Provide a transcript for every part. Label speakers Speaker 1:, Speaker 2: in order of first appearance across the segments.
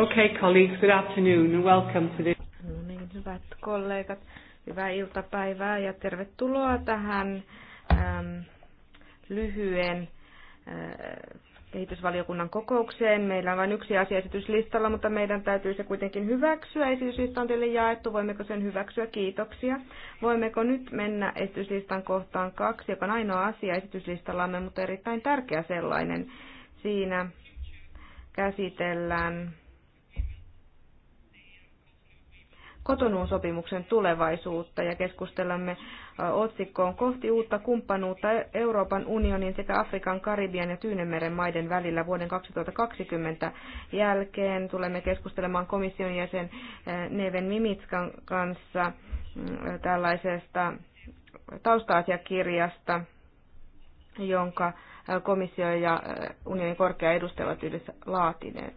Speaker 1: Okay, colleagues, good afternoon and welcome to this. No niin, hyvät kollegat, hyvää iltapäivää ja tervetuloa tähän ähm, lyhyen äh, kehitysvaliokunnan kokoukseen. Meillä on vain yksi asia esityslistalla, mutta meidän täytyy se kuitenkin hyväksyä. Esityslista on teille jaettu. Voimmeko sen hyväksyä? Kiitoksia. Voimmeko nyt mennä esityslistan kohtaan kaksi, joka on ainoa asia esityslistallamme, mutta erittäin tärkeä sellainen. Siinä käsitellään kotonuun sopimuksen tulevaisuutta ja keskustelemme otsikkoon kohti uutta kumppanuutta Euroopan unionin sekä Afrikan, Karibian ja Tyynemeren maiden välillä vuoden 2020 jälkeen. Tulemme keskustelemaan komission jäsen Neven Mimitskan kanssa mm, tällaisesta tausta-asiakirjasta, jonka komissio ja unionin korkea edustajat ovat yhdessä laatineet.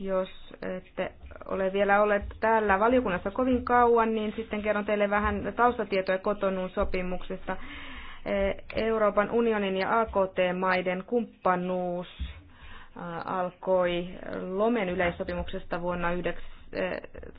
Speaker 1: Jos ette ole vielä olleet täällä valiokunnassa kovin kauan, niin sitten kerron teille vähän taustatietoja kotonuun sopimuksesta. Eh, Euroopan unionin ja AKT-maiden kumppanuus eh, alkoi Lomen yleissopimuksesta vuonna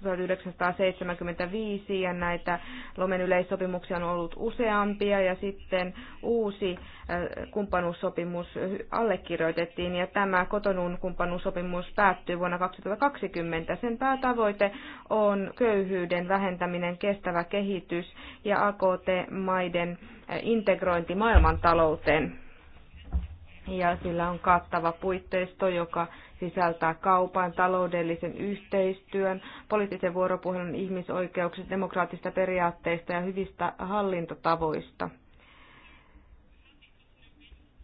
Speaker 1: 1975 ja näitä Lomen yleissopimuksia on ollut useampia ja sitten uusi äh, kumppanuussopimus allekirjoitettiin ja tämä kotonun kumppanuussopimus päättyy vuonna 2020. Sen päätavoite on köyhyyden vähentäminen, kestävä kehitys ja AKT-maiden äh, integrointi maailmantalouteen ja sillä on kattava puitteisto, joka sisältää kaupan, taloudellisen yhteistyön, poliittisen vuoropuhelun ihmisoikeuksista, demokraattista periaatteista ja hyvistä hallintotavoista.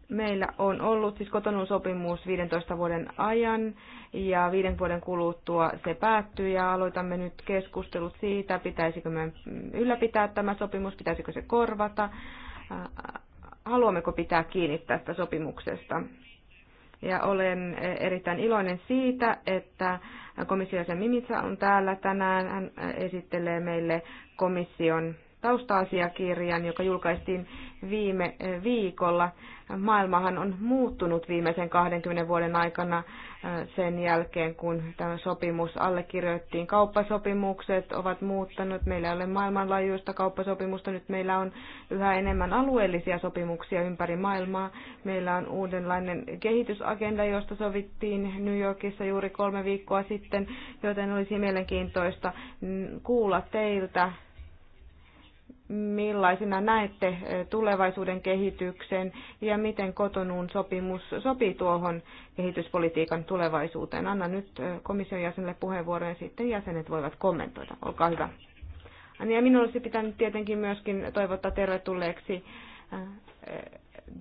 Speaker 1: Meillä on ollut siis kotonuusopimus 15 vuoden ajan ja viiden vuoden kuluttua se päättyy ja aloitamme nyt keskustelut siitä, pitäisikö me ylläpitää tämä sopimus, pitäisikö se korvata haluammeko pitää kiinni tästä sopimuksesta. Ja olen erittäin iloinen siitä, että komission jäsen Mimitsa on täällä tänään. Hän esittelee meille komission tausta-asiakirjan, joka julkaistiin viime eh, viikolla. Maailmahan on muuttunut viimeisen 20 vuoden aikana eh, sen jälkeen, kun tämä sopimus allekirjoittiin. Kauppasopimukset ovat muuttanut. Meillä ei ole maailmanlaajuista kauppasopimusta. Nyt meillä on yhä enemmän alueellisia sopimuksia ympäri maailmaa. Meillä on uudenlainen kehitysagenda, josta sovittiin New Yorkissa juuri kolme viikkoa sitten, joten olisi mielenkiintoista mm, kuulla teiltä millaisina näette eh, tulevaisuuden kehityksen ja miten kotonuun sopimus sopii tuohon kehityspolitiikan tulevaisuuteen. Anna nyt eh, komission jäsenelle puheenvuoron ja sitten jäsenet voivat kommentoida. Olkaa hyvä. Ja minun olisi pitänyt tietenkin myöskin toivottaa tervetulleeksi eh,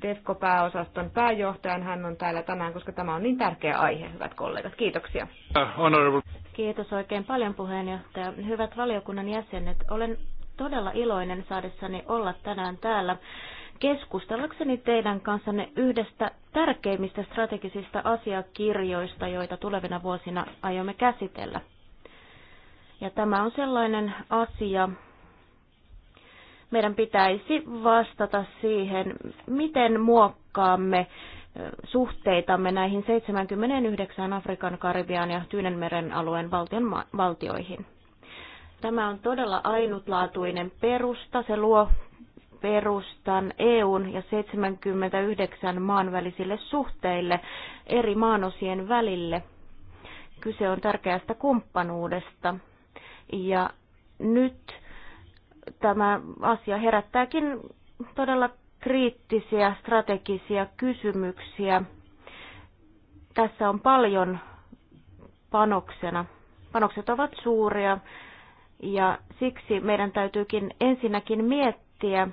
Speaker 1: DEFCO-pääosaston pääjohtajan. Hän on täällä tänään, koska tämä on niin tärkeä aihe, hyvät kollegat. Kiitoksia. Uh,
Speaker 2: Kiitos oikein paljon puheenjohtaja. Hyvät valiokunnan jäsenet, olen todella iloinen saadessani olla tänään täällä keskustellakseni teidän kanssanne yhdestä tärkeimmistä strategisista asiakirjoista, joita tulevina vuosina aiomme käsitellä. Ja tämä on sellainen asia, meidän pitäisi vastata siihen, miten muokkaamme suhteitamme näihin 79 Afrikan, Karibian ja Tyynenmeren alueen valtion, valtioihin. Tämä on todella ainutlaatuinen perusta. Se luo perustan EUn ja 79 maan välisille suhteille eri maanosien välille. Kyse on tärkeästä kumppanuudesta. Ja nyt tämä asia herättääkin todella kriittisiä strategisia kysymyksiä. Tässä on paljon panoksena. Panokset ovat suuria ja siksi meidän täytyykin ensinnäkin miettiä,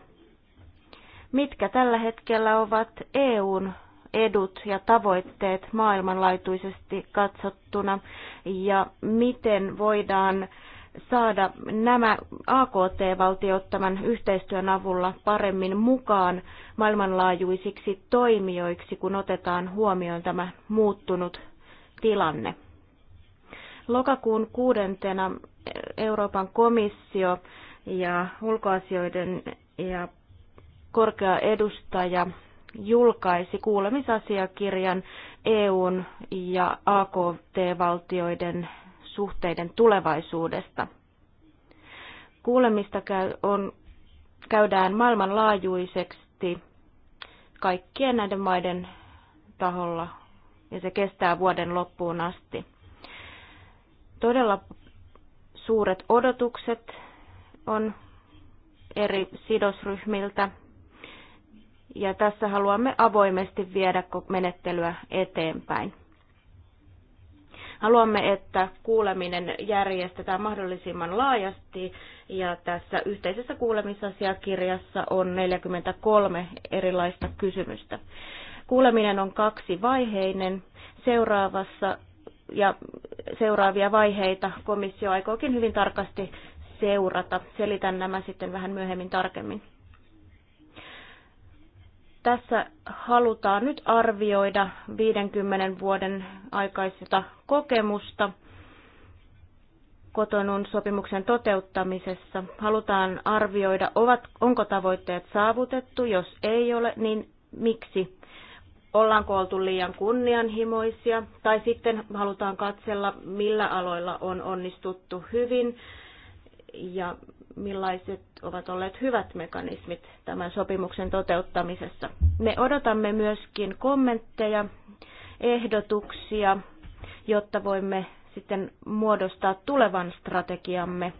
Speaker 2: mitkä tällä hetkellä ovat EUn edut ja tavoitteet maailmanlaatuisesti katsottuna ja miten voidaan saada nämä AKT-valtiot tämän yhteistyön avulla paremmin mukaan maailmanlaajuisiksi toimijoiksi, kun otetaan huomioon tämä muuttunut tilanne. Lokakuun kuudentena Euroopan komissio ja ulkoasioiden ja korkea edustaja julkaisi kuulemisasiakirjan EUn ja AKT-valtioiden suhteiden tulevaisuudesta. Kuulemista käy, on, käydään maailmanlaajuisesti kaikkien näiden maiden taholla ja se kestää vuoden loppuun asti. Todella suuret odotukset on eri sidosryhmiltä. Ja tässä haluamme avoimesti viedä menettelyä eteenpäin. Haluamme, että kuuleminen järjestetään mahdollisimman laajasti ja tässä yhteisessä kuulemisasiakirjassa on 43 erilaista kysymystä. Kuuleminen on kaksivaiheinen. Seuraavassa ja seuraavia vaiheita komissio aikookin hyvin tarkasti seurata. Selitän nämä sitten vähän myöhemmin tarkemmin. Tässä halutaan nyt arvioida 50 vuoden aikaista kokemusta kotonun sopimuksen toteuttamisessa. Halutaan arvioida, ovat, onko tavoitteet saavutettu, jos ei ole, niin miksi ollaanko oltu liian kunnianhimoisia, tai sitten halutaan katsella, millä aloilla on onnistuttu hyvin ja millaiset ovat olleet hyvät mekanismit tämän sopimuksen toteuttamisessa. Me odotamme myöskin kommentteja, ehdotuksia, jotta voimme sitten muodostaa tulevan strategiamme,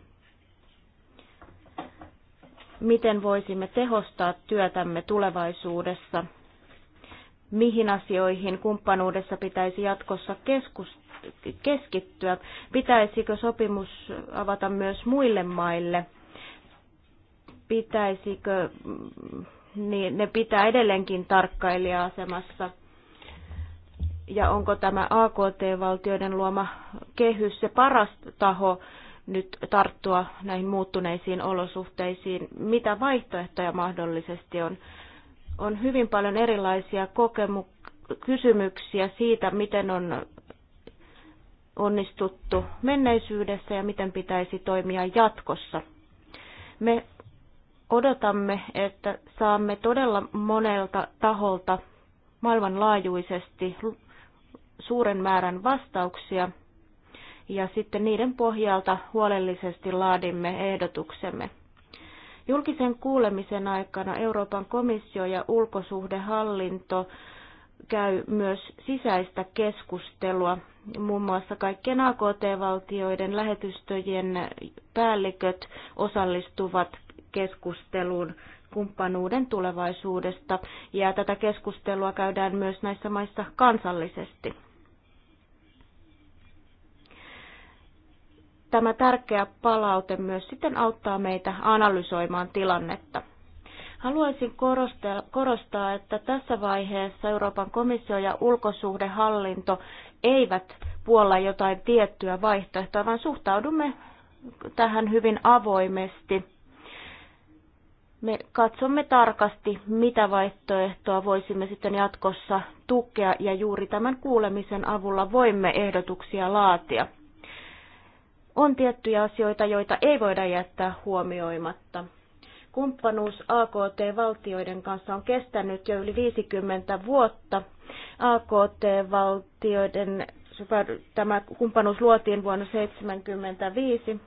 Speaker 2: miten voisimme tehostaa työtämme tulevaisuudessa – mihin asioihin kumppanuudessa pitäisi jatkossa keskittyä? Pitäisikö sopimus avata myös muille maille? Pitäisikö, mm, niin ne pitää edelleenkin tarkkailija-asemassa? Ja onko tämä AKT-valtioiden luoma kehys se paras taho nyt tarttua näihin muuttuneisiin olosuhteisiin? Mitä vaihtoehtoja mahdollisesti on? on hyvin paljon erilaisia kokemu- kysymyksiä siitä, miten on onnistuttu menneisyydessä ja miten pitäisi toimia jatkossa. Me odotamme, että saamme todella monelta taholta maailmanlaajuisesti suuren määrän vastauksia ja sitten niiden pohjalta huolellisesti laadimme ehdotuksemme. Julkisen kuulemisen aikana Euroopan komissio ja ulkosuhdehallinto käy myös sisäistä keskustelua. Muun muassa kaikkien AKT-valtioiden lähetystöjen päälliköt osallistuvat keskusteluun kumppanuuden tulevaisuudesta ja tätä keskustelua käydään myös näissä maissa kansallisesti. tämä tärkeä palaute myös sitten auttaa meitä analysoimaan tilannetta. Haluaisin korostaa, että tässä vaiheessa Euroopan komissio ja ulkosuhdehallinto eivät puolla jotain tiettyä vaihtoehtoa, vaan suhtaudumme tähän hyvin avoimesti. Me katsomme tarkasti, mitä vaihtoehtoa voisimme sitten jatkossa tukea, ja juuri tämän kuulemisen avulla voimme ehdotuksia laatia on tiettyjä asioita, joita ei voida jättää huomioimatta. Kumppanuus AKT-valtioiden kanssa on kestänyt jo yli 50 vuotta. AKT-valtioiden tämä kumppanuus luotiin vuonna 1975.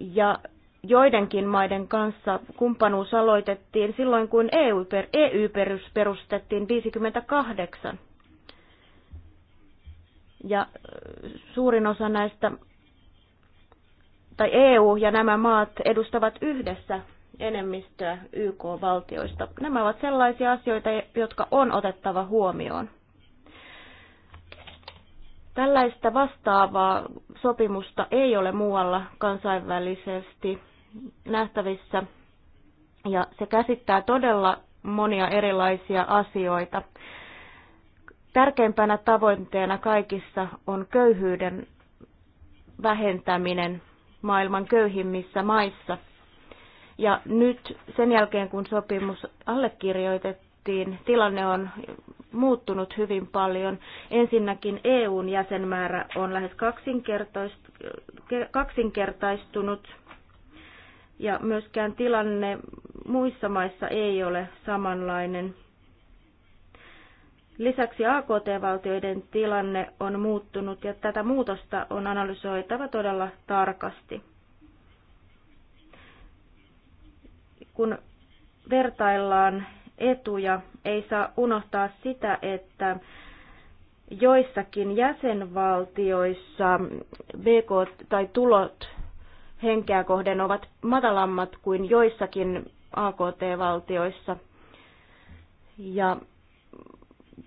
Speaker 2: Ja joidenkin maiden kanssa kumppanuus aloitettiin silloin, kun EU e perustettiin 58. Ja äh, suurin osa näistä, tai EU ja nämä maat edustavat yhdessä enemmistöä YK-valtioista. Nämä ovat sellaisia asioita, jotka on otettava huomioon. Tällaista vastaavaa sopimusta ei ole muualla kansainvälisesti nähtävissä, ja se käsittää todella monia erilaisia asioita. Tärkeimpänä tavoitteena kaikissa on köyhyyden vähentäminen maailman köyhimmissä maissa. Ja nyt sen jälkeen, kun sopimus allekirjoitettiin, tilanne on muuttunut hyvin paljon. Ensinnäkin EUn jäsenmäärä on lähes kaksinkertaistunut ja myöskään tilanne muissa maissa ei ole samanlainen. Lisäksi AKT-valtioiden tilanne on muuttunut ja tätä muutosta on analysoitava todella tarkasti. Kun vertaillaan etuja, ei saa unohtaa sitä, että joissakin jäsenvaltioissa BK tai tulot henkeä kohden ovat matalammat kuin joissakin AKT-valtioissa. Ja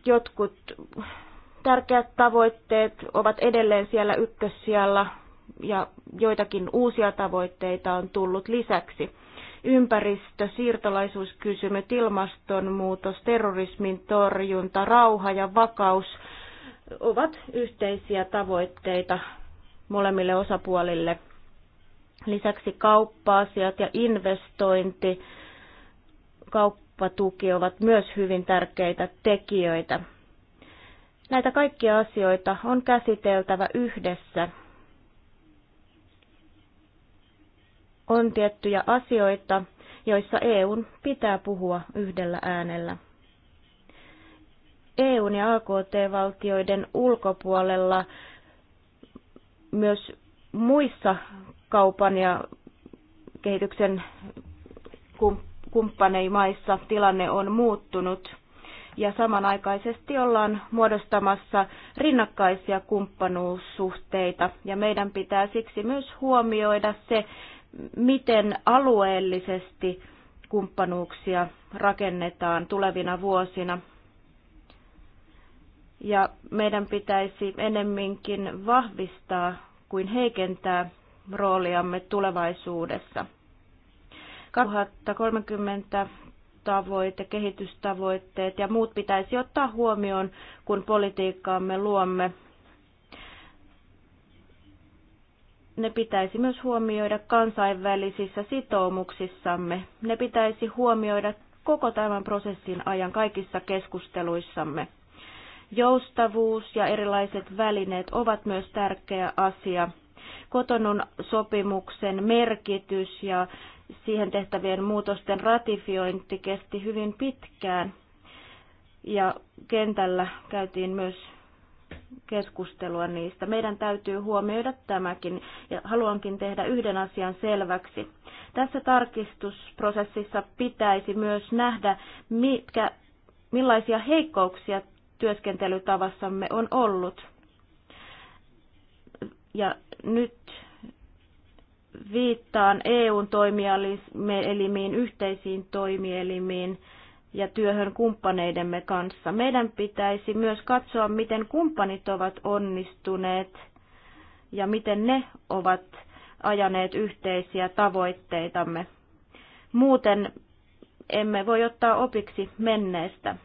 Speaker 2: Jotkut tärkeät tavoitteet ovat edelleen siellä ykkössijalla ja joitakin uusia tavoitteita on tullut lisäksi. Ympäristö, siirtolaisuuskysymys, ilmastonmuutos, terrorismin torjunta, rauha ja vakaus ovat yhteisiä tavoitteita molemmille osapuolille. Lisäksi kauppa-asiat ja investointi, kauppa kauppatuki ovat myös hyvin tärkeitä tekijöitä. Näitä kaikkia asioita on käsiteltävä yhdessä. On tiettyjä asioita, joissa EUn pitää puhua yhdellä äänellä. EUn ja AKT-valtioiden ulkopuolella myös muissa kaupan ja kehityksen kumppaneimaissa tilanne on muuttunut ja samanaikaisesti ollaan muodostamassa rinnakkaisia kumppanuussuhteita ja meidän pitää siksi myös huomioida se, miten alueellisesti kumppanuuksia rakennetaan tulevina vuosina. Ja meidän pitäisi enemminkin vahvistaa kuin heikentää rooliamme tulevaisuudessa. 2030 tavoite, kehitystavoitteet ja muut pitäisi ottaa huomioon, kun politiikkaamme luomme. Ne pitäisi myös huomioida kansainvälisissä sitoumuksissamme. Ne pitäisi huomioida koko tämän prosessin ajan kaikissa keskusteluissamme. Joustavuus ja erilaiset välineet ovat myös tärkeä asia kotonun sopimuksen merkitys ja siihen tehtävien muutosten ratifiointi kesti hyvin pitkään ja kentällä käytiin myös keskustelua niistä. Meidän täytyy huomioida tämäkin ja haluankin tehdä yhden asian selväksi. Tässä tarkistusprosessissa pitäisi myös nähdä, mitkä, millaisia heikkouksia työskentelytavassamme on ollut. Ja nyt viittaan EUn toimielimiin, yhteisiin toimielimiin ja työhön kumppaneidemme kanssa. Meidän pitäisi myös katsoa, miten kumppanit ovat onnistuneet ja miten ne ovat ajaneet yhteisiä tavoitteitamme. Muuten emme voi ottaa opiksi menneestä.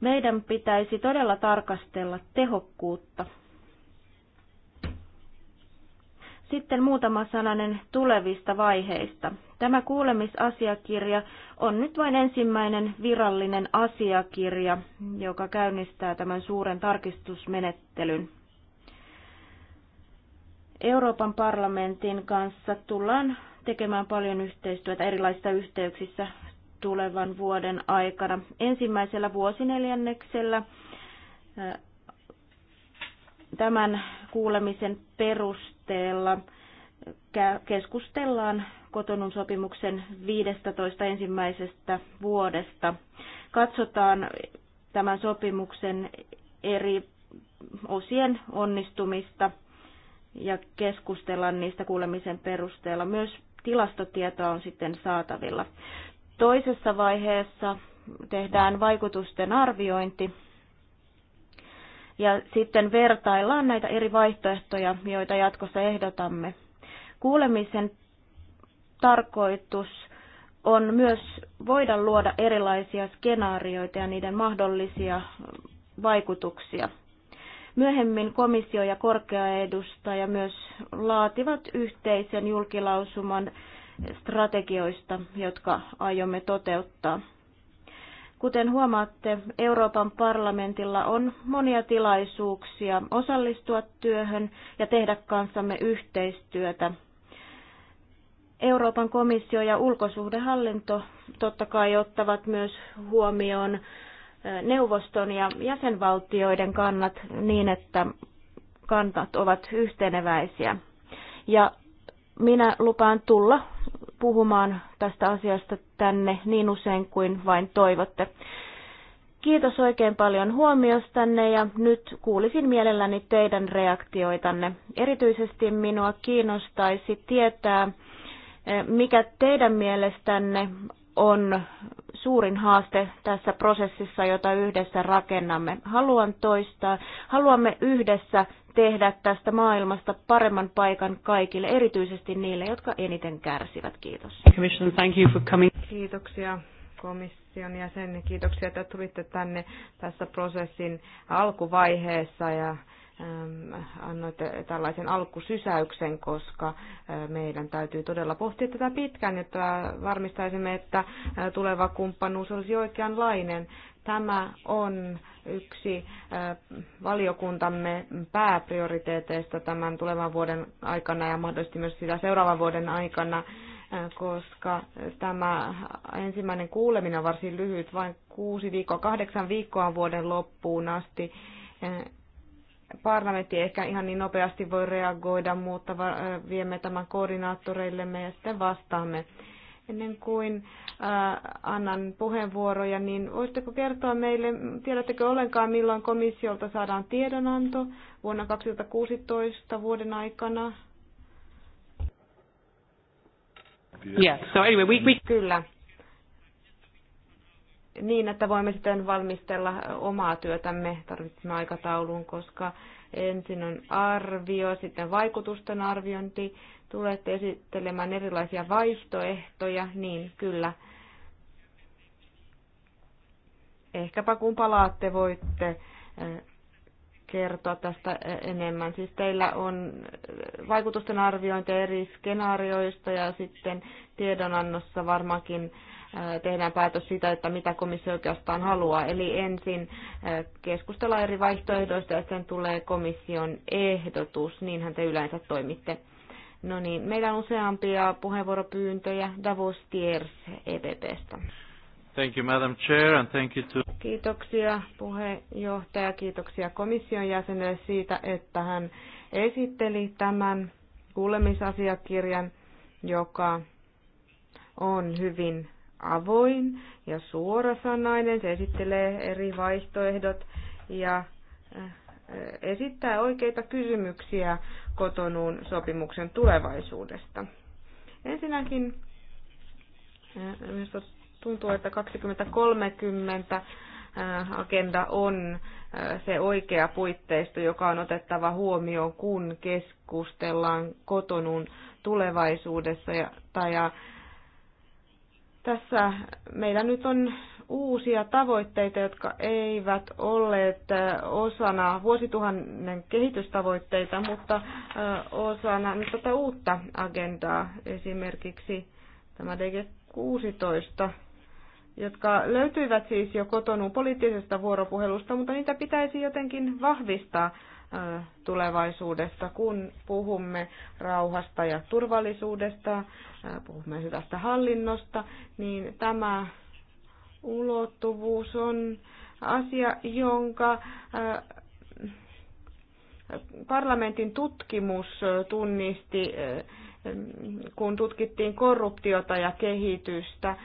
Speaker 2: Meidän pitäisi todella tarkastella tehokkuutta Sitten muutama sananen tulevista vaiheista. Tämä kuulemisasiakirja on nyt vain ensimmäinen virallinen asiakirja, joka käynnistää tämän suuren tarkistusmenettelyn. Euroopan parlamentin kanssa tullaan tekemään paljon yhteistyötä erilaisissa yhteyksissä tulevan vuoden aikana. Ensimmäisellä vuosineljänneksellä tämän kuulemisen perus perusteella keskustellaan kotonun sopimuksen 15 ensimmäisestä vuodesta. Katsotaan tämän sopimuksen eri osien onnistumista ja keskustellaan niistä kuulemisen perusteella. Myös tilastotietoa on sitten saatavilla. Toisessa vaiheessa tehdään vaikutusten arviointi ja sitten vertaillaan näitä eri vaihtoehtoja, joita jatkossa ehdotamme. Kuulemisen tarkoitus on myös voida luoda erilaisia skenaarioita ja niiden mahdollisia vaikutuksia. Myöhemmin komissio ja korkea edustaja myös laativat yhteisen julkilausuman strategioista, jotka aiomme toteuttaa. Kuten huomaatte, Euroopan parlamentilla on monia tilaisuuksia osallistua työhön ja tehdä kanssamme yhteistyötä. Euroopan komissio ja ulkosuhdehallinto totta kai ottavat myös huomioon neuvoston ja jäsenvaltioiden kannat niin, että kannat ovat yhteneväisiä. Ja minä lupaan tulla puhumaan tästä asiasta tänne niin usein kuin vain toivotte. Kiitos oikein paljon huomiostanne ja nyt kuulisin mielelläni teidän reaktioitanne. Erityisesti minua kiinnostaisi tietää, eh, mikä teidän mielestänne on suurin haaste tässä prosessissa, jota yhdessä rakennamme. Haluan toistaa, haluamme yhdessä tehdä tästä maailmasta paremman paikan kaikille, erityisesti niille, jotka
Speaker 1: eniten kärsivät. Kiitos. Kiitoksia komission jäsen. Kiitoksia, että tulitte tänne tässä prosessin alkuvaiheessa ja annoit tällaisen alkusysäyksen, koska meidän täytyy todella pohtia tätä pitkään, että varmistaisimme, että tuleva kumppanuus olisi oikeanlainen. Tämä on yksi valiokuntamme pääprioriteeteista tämän tulevan vuoden aikana ja mahdollisesti myös sitä seuraavan vuoden aikana koska tämä ensimmäinen kuuleminen on varsin lyhyt, vain kuusi viikkoa, kahdeksan viikkoa vuoden loppuun asti parlamentti ehkä ihan niin nopeasti voi reagoida, mutta viemme tämän koordinaattoreillemme ja sitten vastaamme. Ennen kuin annan puheenvuoroja, niin voisitteko kertoa meille, tiedättekö ollenkaan milloin komissiolta saadaan tiedonanto vuonna 2016 vuoden aikana? Yeah, so anyway, we, we... Kyllä niin, että voimme sitten valmistella omaa työtämme tarvitsemme aikatauluun, koska ensin on arvio, sitten vaikutusten arviointi, tulette esittelemään erilaisia vaihtoehtoja, niin kyllä. Ehkäpä kun palaatte, voitte eh, kertoa tästä eh, enemmän. Siis teillä on eh, vaikutusten arviointi eri skenaarioista ja sitten tiedonannossa varmaankin Äh, tehdään päätös siitä, että mitä komissio oikeastaan haluaa. Eli ensin äh, keskustella eri vaihtoehdoista ja sen tulee komission ehdotus, niinhän te yleensä toimitte. No niin, meillä on useampia puheenvuoropyyntöjä. Davos Tiers EPPstä.
Speaker 2: Thank you, Madam Chair,
Speaker 1: and thank you to... Kiitoksia puheenjohtaja, kiitoksia komission jäsenelle siitä, että hän esitteli tämän kuulemisasiakirjan, joka on hyvin avoin ja suorasanainen, se esittelee eri vaihtoehdot ja äh, esittää oikeita kysymyksiä kotonuun sopimuksen tulevaisuudesta. Ensinnäkin äh, minusta tuntuu, että 2030 äh, agenda on se oikea puitteisto, joka on otettava huomioon, kun keskustellaan kotonun tulevaisuudessa ja, tai ja tässä meillä nyt on uusia tavoitteita, jotka eivät olleet osana vuosituhannen kehitystavoitteita, mutta osana nyt tätä uutta agendaa, esimerkiksi tämä DG16, jotka löytyivät siis jo kotonuun poliittisesta vuoropuhelusta, mutta niitä pitäisi jotenkin vahvistaa tulevaisuudesta, kun puhumme rauhasta ja turvallisuudesta, puhumme hyvästä hallinnosta, niin tämä ulottuvuus on asia, jonka parlamentin tutkimus tunnisti kun tutkittiin korruptiota ja kehitystä.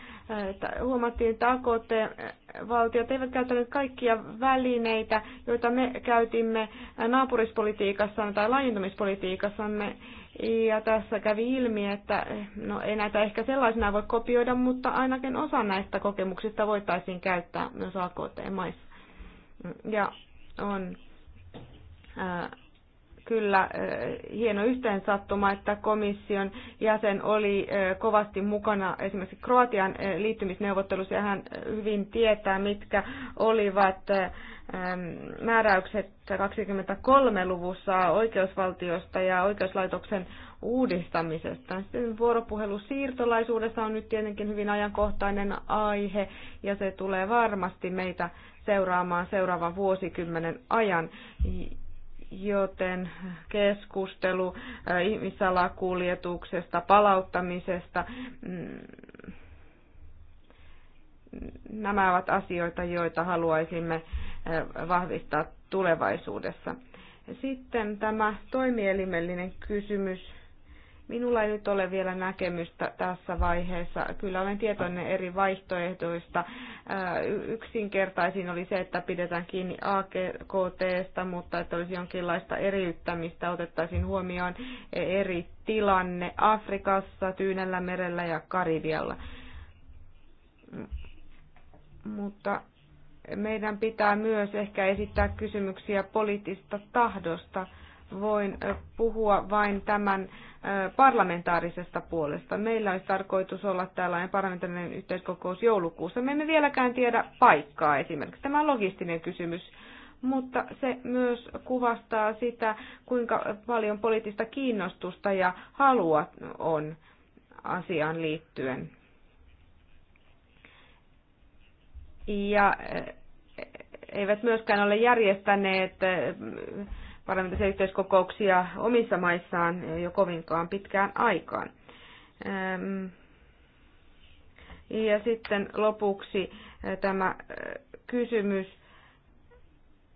Speaker 1: Huomattiin, että AKT-valtiot eivät käyttäneet kaikkia välineitä, joita me käytimme naapurispolitiikassa tai laajentumispolitiikassamme. Ja tässä kävi ilmi, että no ei näitä ehkä sellaisena voi kopioida, mutta ainakin osa näistä kokemuksista voitaisiin käyttää myös AKT-maissa. Ja on ää, kyllä äh, hieno yhteensattuma, että komission jäsen oli äh, kovasti mukana esimerkiksi Kroatian äh, liittymisneuvottelussa ja hän hyvin tietää, mitkä olivat määräykset 23 luvussa oikeusvaltiosta ja oikeuslaitoksen uudistamisesta. Sitten vuoropuhelu siirtolaisuudessa on nyt tietenkin hyvin ajankohtainen aihe ja se tulee varmasti meitä seuraamaan seuraavan vuosikymmenen ajan joten keskustelu äh, ihmissalakuljetuksesta, palauttamisesta, mm, nämä ovat asioita, joita haluaisimme äh, vahvistaa tulevaisuudessa. Sitten tämä toimielimellinen kysymys Minulla ei nyt ole vielä näkemystä tässä vaiheessa. Kyllä olen tietoinen eri vaihtoehdoista. Yksinkertaisin oli se, että pidetään kiinni AKTstä, mutta että olisi jonkinlaista eriyttämistä, otettaisiin huomioon eri tilanne Afrikassa, Tyynellä merellä ja Karibialla. Mutta meidän pitää myös ehkä esittää kysymyksiä poliittista tahdosta. Voin puhua vain tämän parlamentaarisesta puolesta. Meillä olisi tarkoitus olla tällainen parlamentaarinen yhteiskokous joulukuussa. Me emme vieläkään tiedä paikkaa esimerkiksi. Tämä on logistinen kysymys, mutta se myös kuvastaa sitä, kuinka paljon poliittista kiinnostusta ja halua on asiaan liittyen. Ja eivät myöskään ole järjestäneet parlamentaisia yhteiskokouksia omissa maissaan jo kovinkaan pitkään aikaan. Ehm, ja sitten lopuksi eh, tämä eh, kysymys,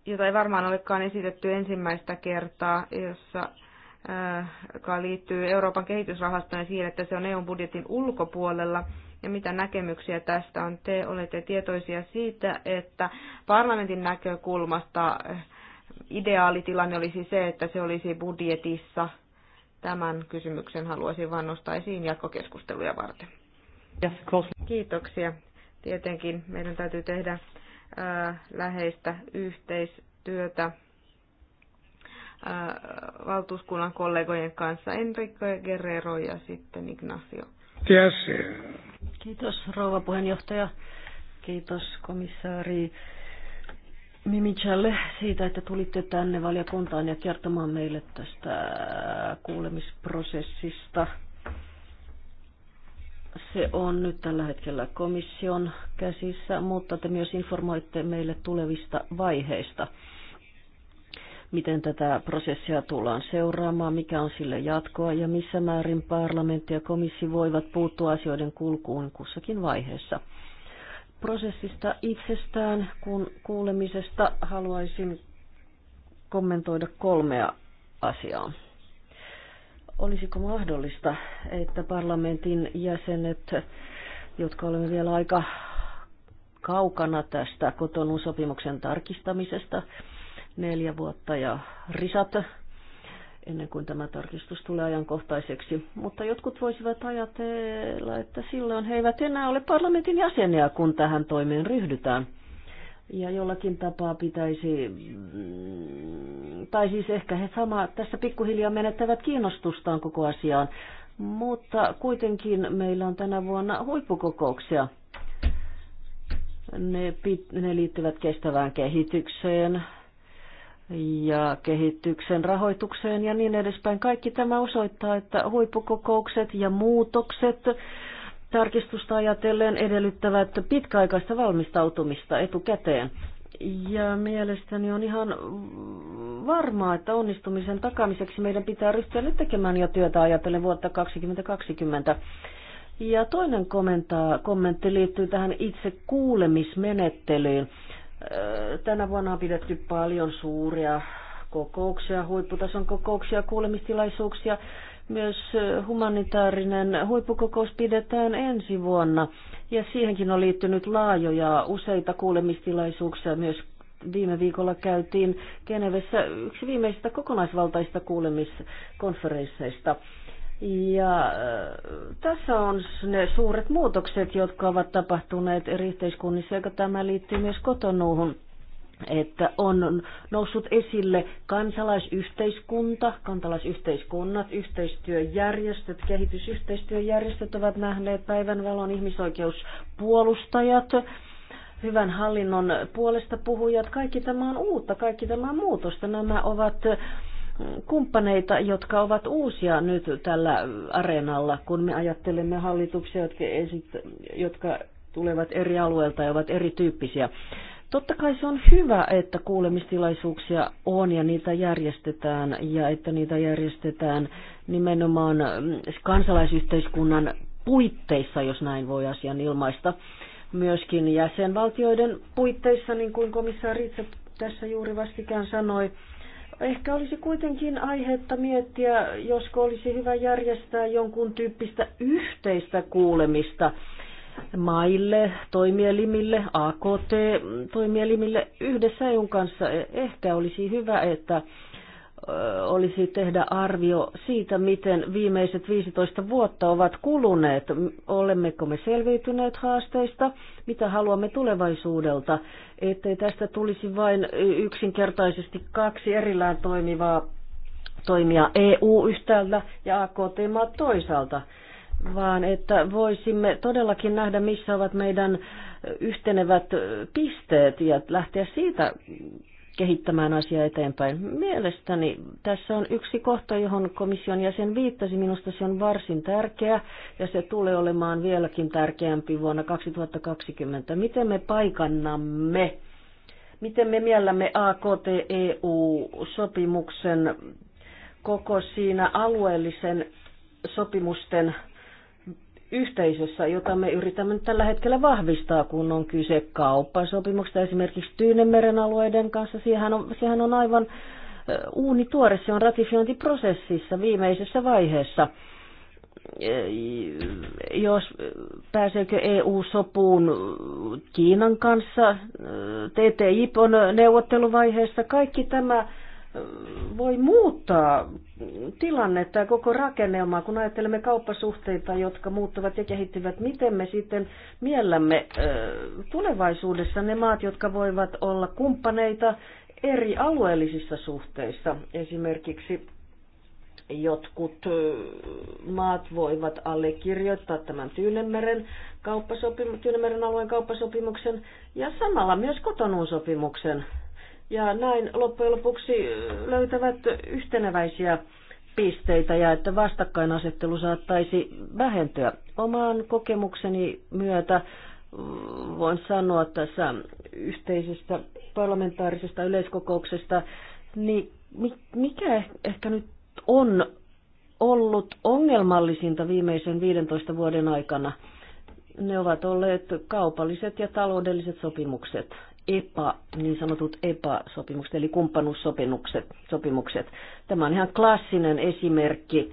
Speaker 1: jota ei varmaan olekaan esitetty ensimmäistä kertaa, jossa eh, joka liittyy Euroopan kehitysrahastoon ja siihen, että se on EUn budjetin ulkopuolella. Ja mitä näkemyksiä tästä on? Te olette tietoisia siitä, että parlamentin näkökulmasta ideaalitilanne olisi se, että se olisi budjetissa. Tämän kysymyksen haluaisin vain nostaa esiin jatkokeskusteluja varten. Kiitoksia. Tietenkin meidän täytyy tehdä läheistä yhteistyötä valtuuskunnan kollegojen kanssa Enrico Guerrero ja sitten Ignacio.
Speaker 3: Kiitos rouva puheenjohtaja. Kiitos komissaari Mimichalle siitä, että tulitte tänne valiokuntaan ja kertomaan meille tästä kuulemisprosessista. Se on nyt tällä hetkellä komission käsissä, mutta te myös informoitte meille tulevista vaiheista. Miten tätä prosessia tullaan seuraamaan, mikä on sille jatkoa ja missä määrin parlamentti ja komissi voivat puuttua asioiden kulkuun kussakin vaiheessa – prosessista itsestään, kun kuulemisesta haluaisin kommentoida kolmea asiaa. Olisiko mahdollista, että parlamentin jäsenet, jotka olemme vielä aika kaukana tästä kotonuusopimuksen tarkistamisesta, neljä vuotta ja risat ennen kuin tämä tarkistus tulee ajankohtaiseksi. Mutta jotkut voisivat ajatella, että silloin he eivät enää ole parlamentin jäseniä, kun tähän toimeen ryhdytään. Ja jollakin tapaa pitäisi, tai siis ehkä he sama, tässä pikkuhiljaa menettävät kiinnostustaan koko asiaan. Mutta kuitenkin meillä on tänä vuonna huippukokouksia. Ne, ne liittyvät kestävään kehitykseen, ja kehityksen rahoitukseen ja niin edespäin. Kaikki tämä osoittaa, että huippukokoukset ja muutokset tarkistusta ajatellen edellyttävät pitkäaikaista valmistautumista etukäteen. Ja mielestäni on ihan varmaa, että onnistumisen takamiseksi meidän pitää ryhtyä nyt tekemään jo työtä ajatellen vuotta 2020. Ja toinen kommentti liittyy tähän itse kuulemismenettelyyn. Tänä vuonna on pidetty paljon suuria kokouksia, huipputason kokouksia, kuulemistilaisuuksia. Myös humanitaarinen huippukokous pidetään ensi vuonna ja siihenkin on liittynyt laajoja useita kuulemistilaisuuksia. Myös viime viikolla käytiin Genevessä yksi viimeisistä kokonaisvaltaista kuulemiskonferensseista. Ja äh, tässä on ne suuret muutokset, jotka ovat tapahtuneet eri yhteiskunnissa, ja tämä liittyy myös kotonuuhun että on noussut esille kansalaisyhteiskunta, kansalaisyhteiskunnat, yhteistyöjärjestöt, kehitysyhteistyöjärjestöt ovat nähneet päivänvalon ihmisoikeuspuolustajat, hyvän hallinnon puolesta puhujat. Kaikki tämä on uutta, kaikki tämä on muutosta. Nämä ovat kumppaneita, jotka ovat uusia nyt tällä areenalla, kun me ajattelemme hallituksia, jotka, esit- jotka tulevat eri alueilta ja ovat erityyppisiä. Totta kai se on hyvä, että kuulemistilaisuuksia on ja niitä järjestetään ja että niitä järjestetään nimenomaan kansalaisyhteiskunnan puitteissa, jos näin voi asian ilmaista, myöskin jäsenvaltioiden puitteissa, niin kuin komissaari itse tässä juuri vastikään sanoi Ehkä olisi kuitenkin aihetta miettiä, josko olisi hyvä järjestää jonkun tyyppistä yhteistä kuulemista maille, toimielimille, AKT-toimielimille yhdessä EUn kanssa. E, ehkä olisi hyvä, että olisi tehdä arvio siitä, miten viimeiset 15 vuotta ovat kuluneet. Olemmeko me selviytyneet haasteista? Mitä haluamme tulevaisuudelta? Ettei tästä tulisi vain yksinkertaisesti kaksi erillään toimivaa toimia EU yhtäältä ja AKT-maat toisaalta, vaan että voisimme todellakin nähdä, missä ovat meidän yhtenevät pisteet ja lähteä siitä kehittämään asiaa eteenpäin. Mielestäni tässä on yksi kohta, johon komission jäsen viittasi. Minusta se on varsin tärkeä ja se tulee olemaan vieläkin tärkeämpi vuonna 2020. Miten me paikannamme, miten me miellämme AKT-EU-sopimuksen koko siinä alueellisen sopimusten yhteisössä, jota me yritämme nyt tällä hetkellä vahvistaa, kun on kyse kauppasopimuksesta esimerkiksi Tyynemeren alueiden kanssa. Siihen on, siihen on aivan uuni tuore, se on ratifiointiprosessissa viimeisessä vaiheessa. E, jos pääseekö EU-sopuun Kiinan kanssa, TTIP on neuvotteluvaiheessa, kaikki tämä voi muuttaa tilannetta ja koko rakennelmaa, kun ajattelemme kauppasuhteita, jotka muuttuvat ja kehittyvät. Miten me sitten miellämme tulevaisuudessa ne maat, jotka voivat olla kumppaneita eri alueellisissa suhteissa? Esimerkiksi jotkut maat voivat allekirjoittaa tämän Tyynemeren, kauppasopimu- Tyynemeren alueen kauppasopimuksen ja samalla myös kotonuusopimuksen ja näin loppujen lopuksi löytävät yhteneväisiä pisteitä ja että vastakkainasettelu saattaisi vähentyä. Omaan kokemukseni myötä voin sanoa tässä yhteisestä parlamentaarisesta yleiskokouksesta, niin mikä ehkä nyt on ollut ongelmallisinta viimeisen 15 vuoden aikana? Ne ovat olleet kaupalliset ja taloudelliset sopimukset, EPA, niin sanotut EPA-sopimukset, eli kumppanuussopimukset. Sopimukset. Tämä on ihan klassinen esimerkki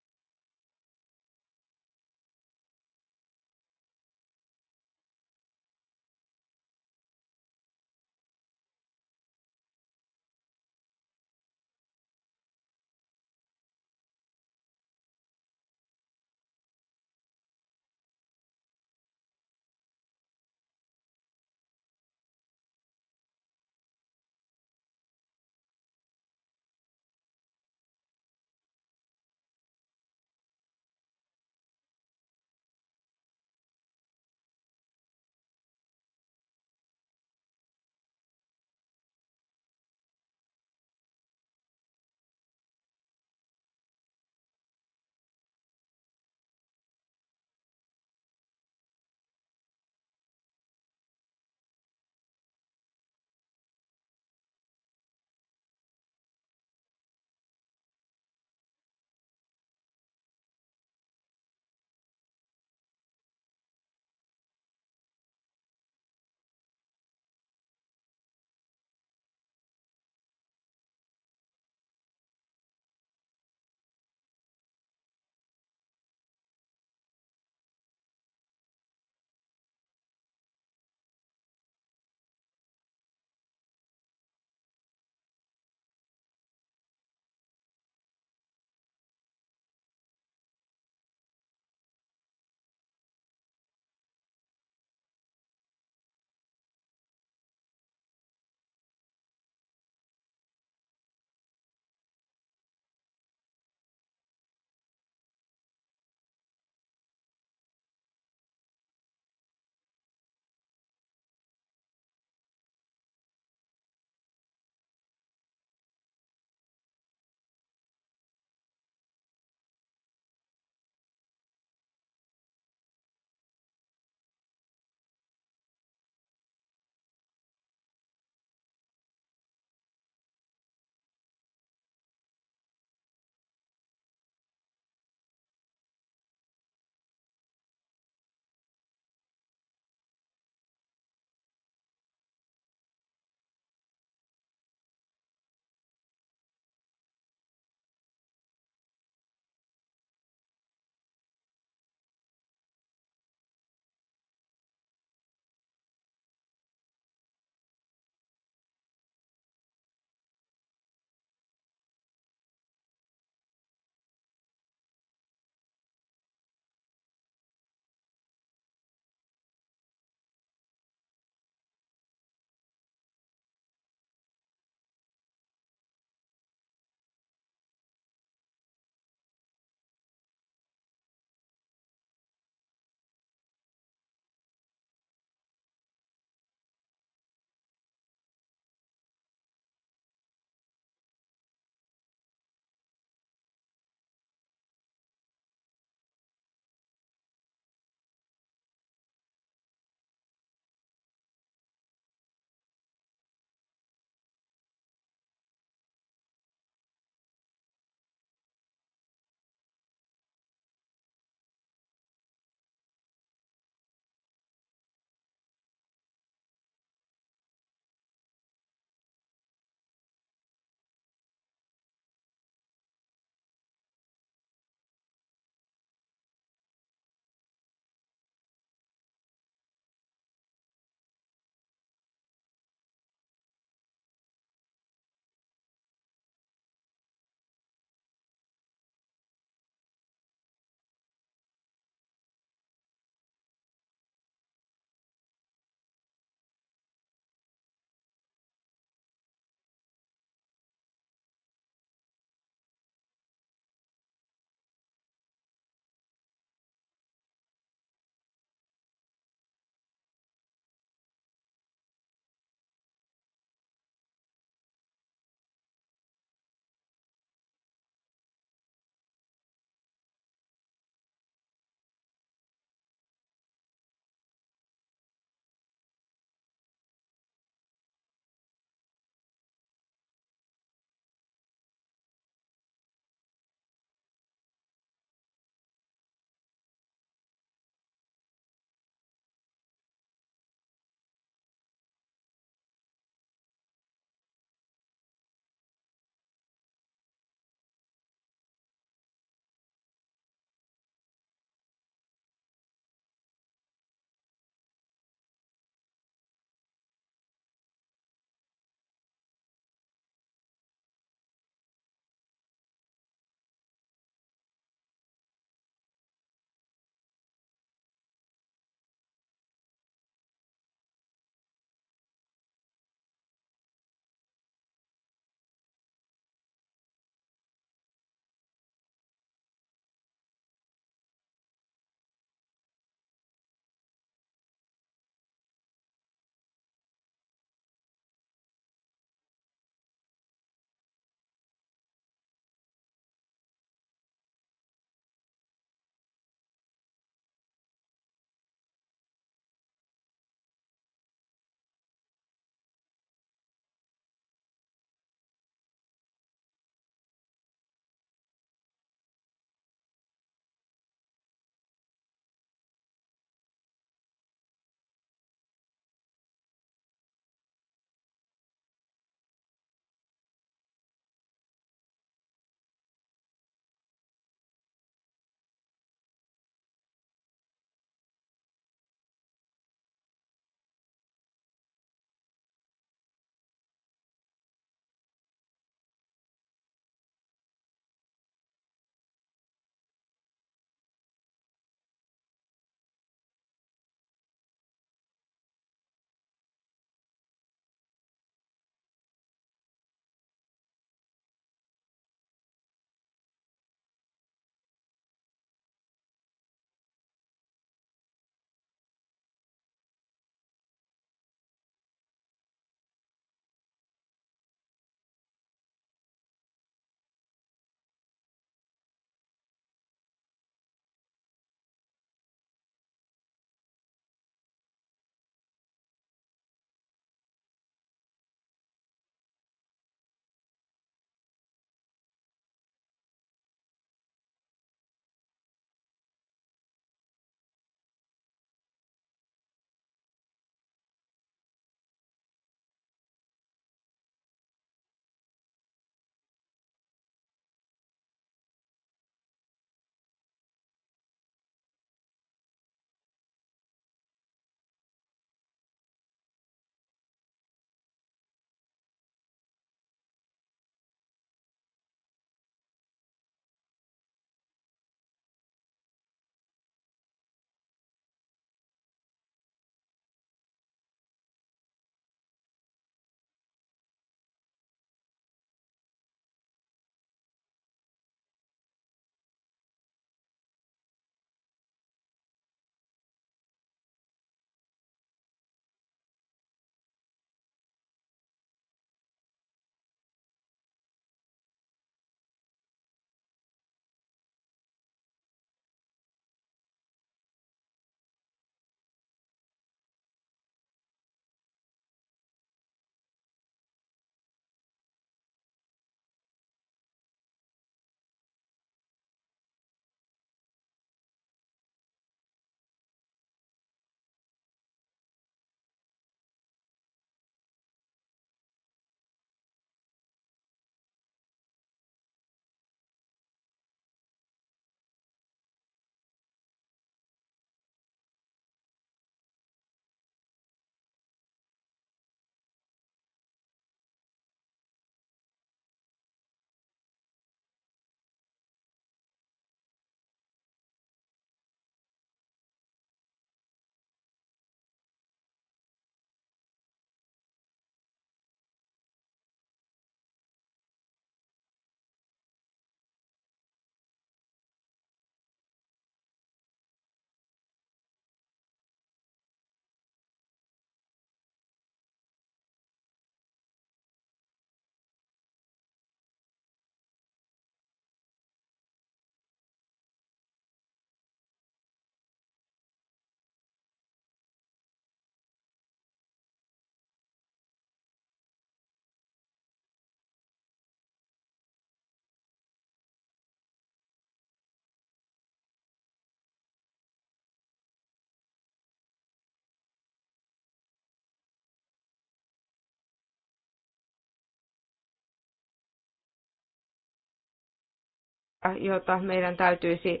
Speaker 1: jota meidän täytyisi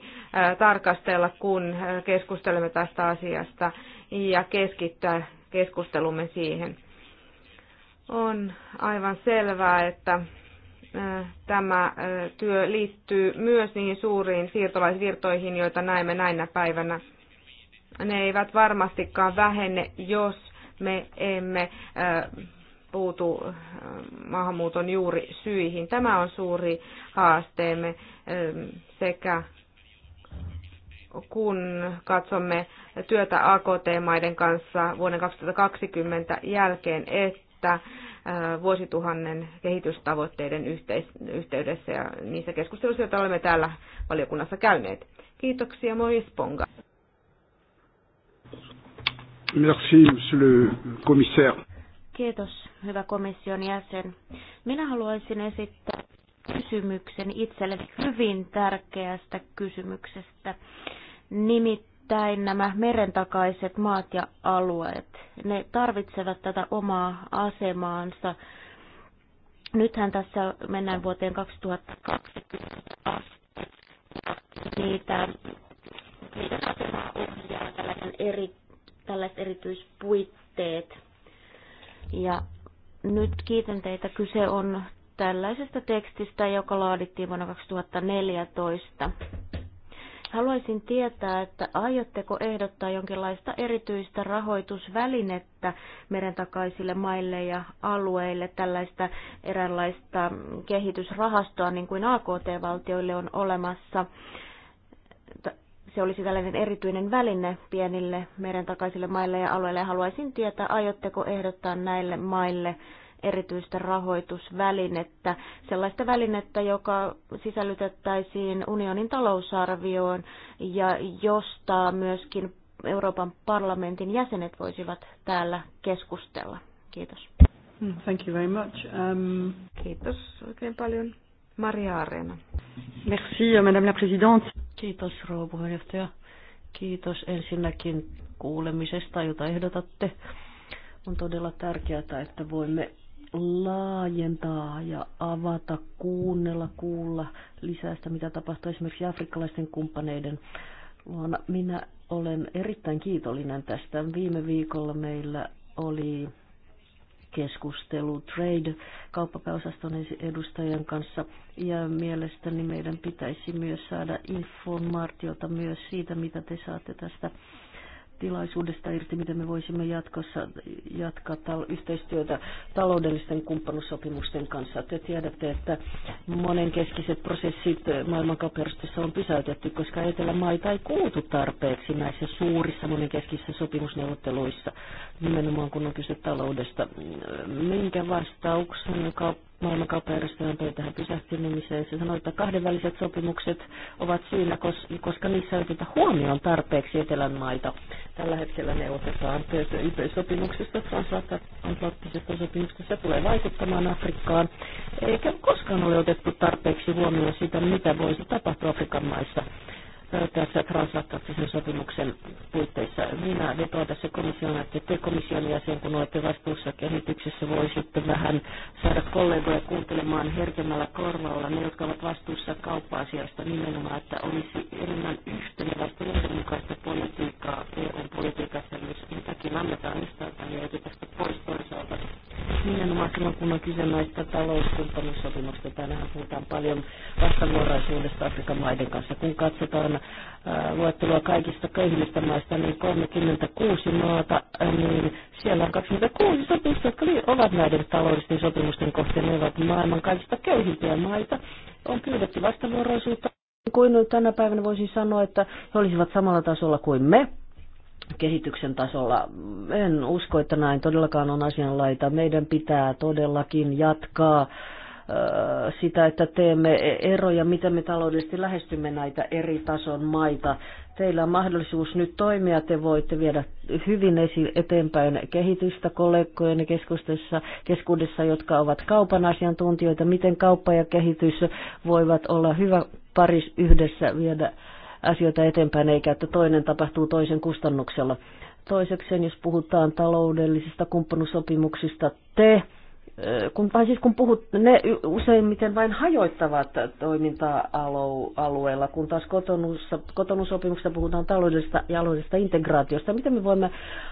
Speaker 1: tarkastella, kun keskustelemme tästä asiasta ja keskittää keskustelumme siihen. On aivan selvää, että tämä työ liittyy myös niihin suuriin siirtolaisvirtoihin, joita näemme näinä päivänä. Ne eivät varmastikaan vähene, jos me emme puutu maahanmuuton juuri syihin. Tämä on suuri haasteemme sekä kun katsomme työtä AKT-maiden kanssa vuoden 2020 jälkeen, että vuosituhannen kehitystavoitteiden yhteydessä ja niissä keskusteluissa, joita olemme täällä valiokunnassa käyneet. Kiitoksia, moi Sponga.
Speaker 3: Merci, monsieur le commissaire.
Speaker 2: Kiitos, hyvä komission jäsen. Minä haluaisin esittää kysymyksen itselle hyvin tärkeästä kysymyksestä. Nimittäin nämä merentakaiset maat ja alueet, ne tarvitsevat tätä omaa asemaansa. Nythän tässä mennään vuoteen 2020 asti. Niitä, niitä asemaa ohjaa tällaisen eri, tällaiset erityispuitteet ja nyt kiitän teitä. Kyse on tällaisesta tekstistä, joka laadittiin vuonna 2014. Haluaisin tietää, että aiotteko ehdottaa jonkinlaista erityistä rahoitusvälinettä takaisille maille ja alueille, tällaista eräänlaista kehitysrahastoa, niin kuin AKT-valtioille on olemassa, se olisi tällainen erityinen väline pienille meren takaisille maille ja alueille. Haluaisin tietää, aiotteko ehdottaa näille maille erityistä rahoitusvälinettä, sellaista välinettä, joka sisällytettäisiin unionin talousarvioon ja josta myöskin Euroopan parlamentin jäsenet voisivat
Speaker 1: täällä keskustella. Kiitos.
Speaker 3: Mm, thank you very much. Um...
Speaker 1: Kiitos oikein paljon. Maria Arena.
Speaker 3: Merci, euh, Madame la Présidente. Kiitos, rouva puheenjohtaja. Kiitos ensinnäkin kuulemisesta, jota ehdotatte. On todella tärkeää, että voimme laajentaa ja avata, kuunnella, kuulla lisää sitä, mitä tapahtuu esimerkiksi afrikkalaisten kumppaneiden luona. Minä olen erittäin kiitollinen tästä. Viime viikolla meillä oli keskustelu Trade kauppapääosaston edustajien kanssa. Ja mielestäni meidän pitäisi myös saada informaatiota myös siitä, mitä te saatte tästä tilaisuudesta irti, miten me voisimme jatkossa jatkaa yhteistyötä taloudellisten kumppanuussopimusten kanssa. Te tiedätte, että monenkeskiset prosessit maailmankaperustossa on pysäytetty, koska Etelä-maita ei kuultu tarpeeksi näissä suurissa monenkeskisissä sopimusneuvotteluissa, nimenomaan kun on kyse taloudesta. Minkä vastauksen, joka maailmankauppajärjestön tähän pysähtymiseen. Se sanoi, että kahdenväliset sopimukset ovat syynä, koska niissä ei oteta huomioon tarpeeksi etelän maita. Tällä hetkellä ne otetaan TTIP-sopimuksesta, transatlanttisesta sopimuksesta. Se tulee vaikuttamaan Afrikkaan, eikä koskaan ole otettu tarpeeksi huomioon sitä, mitä voisi tapahtua Afrikan maissa tässä transatlanttisen sopimuksen puitteissa. Minä vetoan tässä komission, että te komission jäsen, kun olette vastuussa kehityksessä, voisitte vähän saada kollegoja kuuntelemaan herkemmällä korvalla ne, jotka ovat vastuussa kauppa-asiasta nimenomaan, että olisi enemmän yhtenevästä johdonmukaista politiikkaa EU-politiikassa, jos mitäkin annetaan ystäältä niin ja tästä pois toisaalta.
Speaker 1: Nimenomaan silloin,
Speaker 3: kun on kyse näistä talouskumppanuussopimuksista, tänään puhutaan paljon vastavuoraisuudesta Afrikan maiden kanssa, kun katsotaan Äh, luettelua kaikista köyhimmistä maista, niin 36 maata, äh, niin siellä on 26 sopimusta, jotka ovat näiden taloudellisten sopimusten kohteen, ne ovat maailman kaikista köyhimpiä maita. On pyydetty vastavuoroisuutta. Kuin tänä päivänä voisi sanoa, että he olisivat samalla tasolla kuin me, kehityksen tasolla. En usko, että näin todellakaan on asianlaita. Meidän pitää todellakin jatkaa sitä, että teemme eroja, miten me taloudellisesti lähestymme näitä eri tason maita. Teillä on mahdollisuus nyt toimia, te voitte viedä hyvin eteenpäin kehitystä kollegojen keskuudessa, keskuudessa, jotka ovat kaupan asiantuntijoita, miten kauppa ja kehitys voivat olla hyvä paris yhdessä viedä asioita eteenpäin, eikä että toinen tapahtuu toisen kustannuksella. Toisekseen, jos puhutaan taloudellisista kumppanusopimuksista, te kun, tai siis kun puhut, ne useimmiten vain hajoittavat toimintaa alueella, kun taas kotonussa, puhutaan taloudellisesta ja alueellisesta integraatiosta. Miten me voimme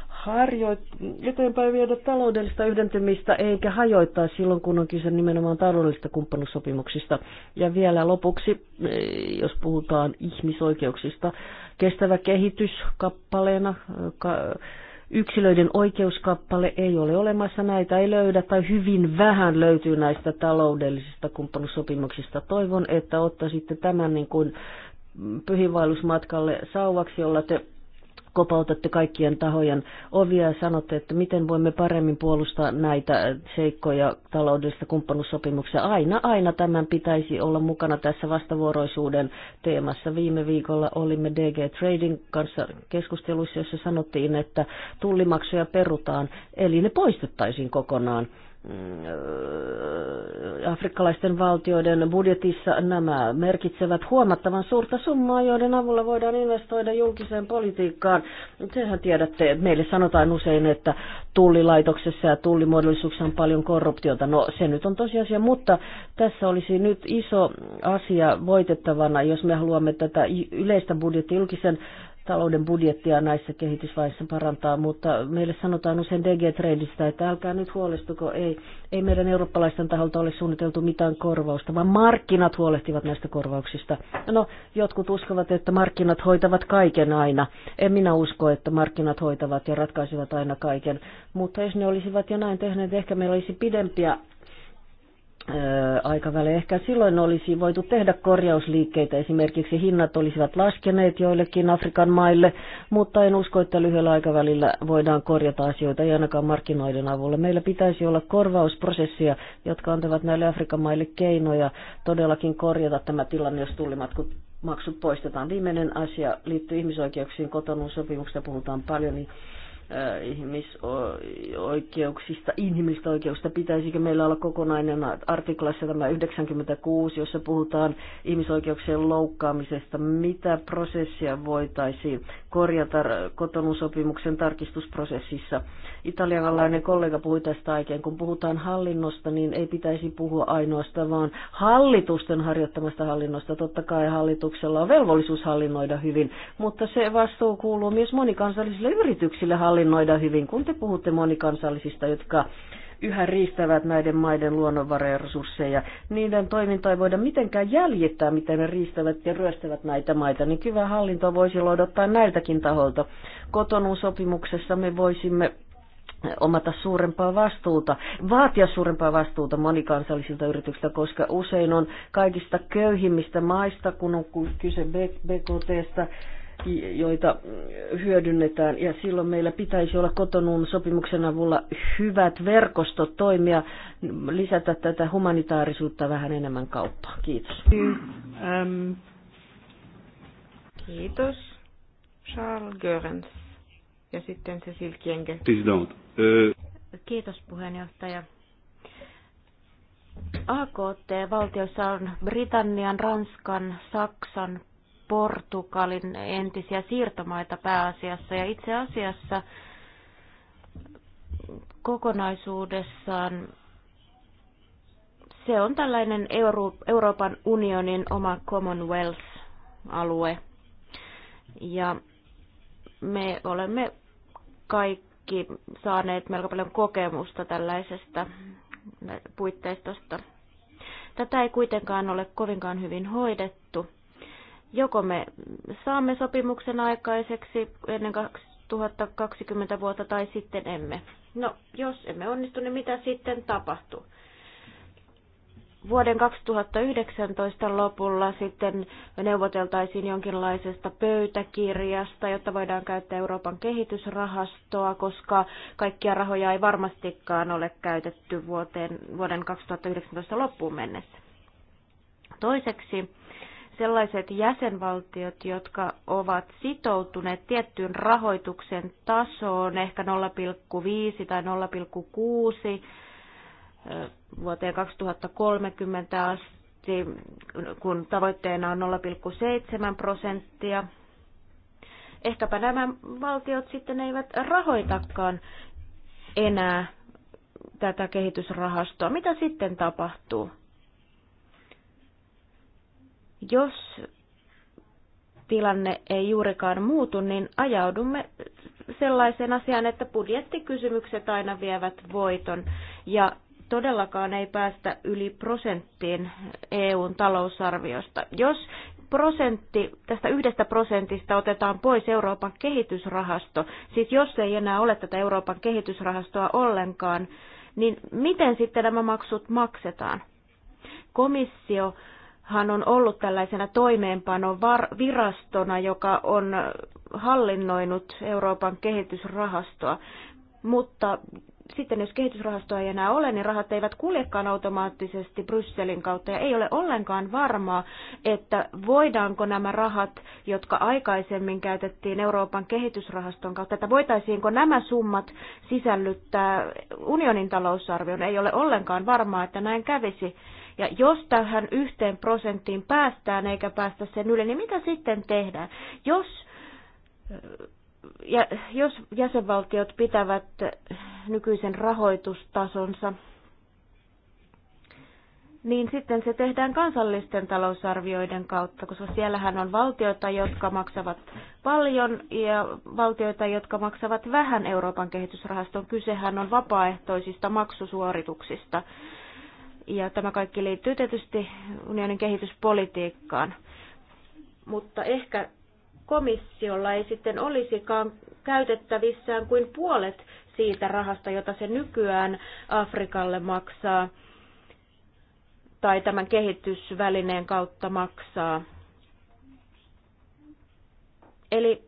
Speaker 3: harjoit, eteenpäin viedä taloudellista yhdentymistä eikä hajoittaa silloin, kun on kyse nimenomaan taloudellisista kumppanuussopimuksista. Ja vielä lopuksi, e, jos puhutaan ihmisoikeuksista, kestävä kehitys kappaleena, ka- yksilöiden oikeuskappale ei ole olemassa, näitä ei löydä tai hyvin vähän löytyy näistä taloudellisista kumppanuussopimuksista. Toivon, että ottaisitte tämän niin kuin pyhivaellusmatkalle sauvaksi, jolla te kopautatte kaikkien tahojen ovia ja sanotte, että miten voimme paremmin puolustaa näitä seikkoja taloudellista kumppanuussopimuksia. Aina, aina tämän pitäisi olla mukana tässä vastavuoroisuuden teemassa. Viime viikolla olimme DG Trading kanssa keskusteluissa, jossa sanottiin, että tullimaksuja perutaan, eli ne poistettaisiin kokonaan. Mm, afrikkalaisten valtioiden budjetissa nämä merkitsevät huomattavan suurta summaa, joiden avulla voidaan investoida julkiseen politiikkaan. Sehän tiedätte, että meille sanotaan usein, että tullilaitoksessa ja tullimuodollisuuksessa on paljon korruptiota. No se nyt on tosiasia, mutta tässä olisi nyt iso asia voitettavana, jos me haluamme tätä yleistä budjettia, julkisen talouden budjettia näissä kehitysvaiheissa parantaa, mutta meille sanotaan usein DG Tradeista, että älkää nyt huolestuko, ei, ei meidän eurooppalaisten taholta ole suunniteltu mitään korvausta, vaan markkinat huolehtivat näistä korvauksista. No, jotkut uskovat, että markkinat hoitavat kaiken aina. En minä usko, että markkinat hoitavat ja ratkaisivat aina kaiken, mutta jos ne olisivat jo näin tehneet, ehkä meillä olisi pidempiä aikavälin. Ehkä silloin olisi voitu tehdä korjausliikkeitä, esimerkiksi hinnat olisivat laskeneet joillekin Afrikan maille, mutta en usko, että lyhyellä aikavälillä voidaan korjata asioita, ei ainakaan markkinoiden avulla. Meillä pitäisi olla korvausprosessia, jotka antavat näille Afrikan maille keinoja todellakin korjata tämä tilanne, jos tullimatkut maksut poistetaan. Viimeinen asia liittyy ihmisoikeuksiin, kotonun sopimuksesta puhutaan paljon, niin ihmisoikeuksista, inhimillistä oikeuksista, pitäisikö meillä olla kokonainen artiklassa tämä 96, jossa puhutaan ihmisoikeuksien loukkaamisesta, mitä prosessia voitaisiin korjata kotonusopimuksen tarkistusprosessissa. Italialainen kollega puhui tästä aikeen, kun puhutaan hallinnosta, niin ei pitäisi puhua ainoastaan, vaan hallitusten harjoittamasta hallinnosta. Totta kai hallituksella on velvollisuus hallinnoida hyvin, mutta se vastuu kuuluu myös monikansallisille yrityksille hallinnoida hyvin, kun te puhutte monikansallisista, jotka yhä riistävät näiden maiden luonnonvaroja ja resursseja. Niiden toimintaa ei voida mitenkään jäljittää, miten ne riistävät ja ryöstävät näitä maita, niin hyvä hallinto voisi odottaa näiltäkin taholta. Kotonun sopimuksessa me voisimme omata suurempaa vastuuta, vaatia suurempaa vastuuta monikansallisilta yrityksiltä, koska usein on kaikista köyhimmistä maista, kun on kyse BKTstä, joita hyödynnetään. Ja silloin meillä pitäisi olla kotonuun sopimuksen avulla hyvät verkostot toimia, lisätä tätä humanitaarisuutta
Speaker 1: vähän enemmän kauppaa. Kiitos. Ähm. Kiitos. Charles Görens ja sitten se silkienke.
Speaker 3: Äh.
Speaker 1: Kiitos puheenjohtaja.
Speaker 2: AKT-valtioissa on Britannian, Ranskan, Saksan, Portugalin entisiä siirtomaita pääasiassa. Ja itse asiassa kokonaisuudessaan se on tällainen Euro- Euroopan unionin oma Commonwealth-alue. Ja me olemme kaikki saaneet melko paljon kokemusta tällaisesta puitteistosta. Tätä ei kuitenkaan ole kovinkaan hyvin hoidettu Joko me saamme sopimuksen aikaiseksi ennen 2020 vuotta tai sitten emme. No, jos emme onnistu, niin mitä sitten tapahtuu? Vuoden 2019 lopulla sitten neuvoteltaisiin jonkinlaisesta pöytäkirjasta, jotta voidaan käyttää Euroopan kehitysrahastoa, koska kaikkia rahoja ei varmastikaan ole käytetty vuoteen, vuoden 2019 loppuun mennessä. Toiseksi sellaiset jäsenvaltiot, jotka ovat sitoutuneet tiettyyn rahoituksen tasoon, ehkä 0,5 tai 0,6 vuoteen 2030 asti, kun tavoitteena on 0,7 prosenttia. Ehkäpä nämä valtiot sitten eivät rahoitakaan enää tätä kehitysrahastoa. Mitä sitten tapahtuu? Jos tilanne ei juurikaan muutu, niin ajaudumme sellaiseen asiaan, että budjettikysymykset aina vievät voiton ja todellakaan ei päästä yli prosenttiin EUn talousarviosta. Jos prosentti, tästä yhdestä prosentista otetaan pois Euroopan kehitysrahasto, siis jos ei enää ole tätä Euroopan kehitysrahastoa ollenkaan, niin miten sitten nämä maksut maksetaan? Komissio hän on ollut tällaisena virastona, joka on hallinnoinut Euroopan kehitysrahastoa. Mutta sitten jos kehitysrahastoa ei enää ole, niin rahat eivät kuljekaan automaattisesti Brysselin kautta ja ei ole ollenkaan varmaa, että voidaanko nämä rahat, jotka aikaisemmin käytettiin Euroopan kehitysrahaston kautta, että voitaisiinko nämä summat sisällyttää unionin talousarvioon. Ei ole ollenkaan varmaa, että näin kävisi. Ja jos tähän yhteen prosenttiin päästään eikä päästä sen yli, niin mitä sitten tehdään? Jos, ja, jos jäsenvaltiot pitävät nykyisen rahoitustasonsa, niin sitten se tehdään kansallisten talousarvioiden kautta, koska siellähän on valtioita, jotka maksavat paljon ja valtioita, jotka maksavat vähän Euroopan kehitysrahaston. Kysehän on vapaaehtoisista maksusuorituksista. Ja tämä kaikki liittyy tietysti unionin kehityspolitiikkaan. Mutta ehkä komissiolla ei sitten olisikaan käytettävissään kuin puolet siitä rahasta, jota se nykyään Afrikalle maksaa tai tämän kehitysvälineen kautta maksaa. Eli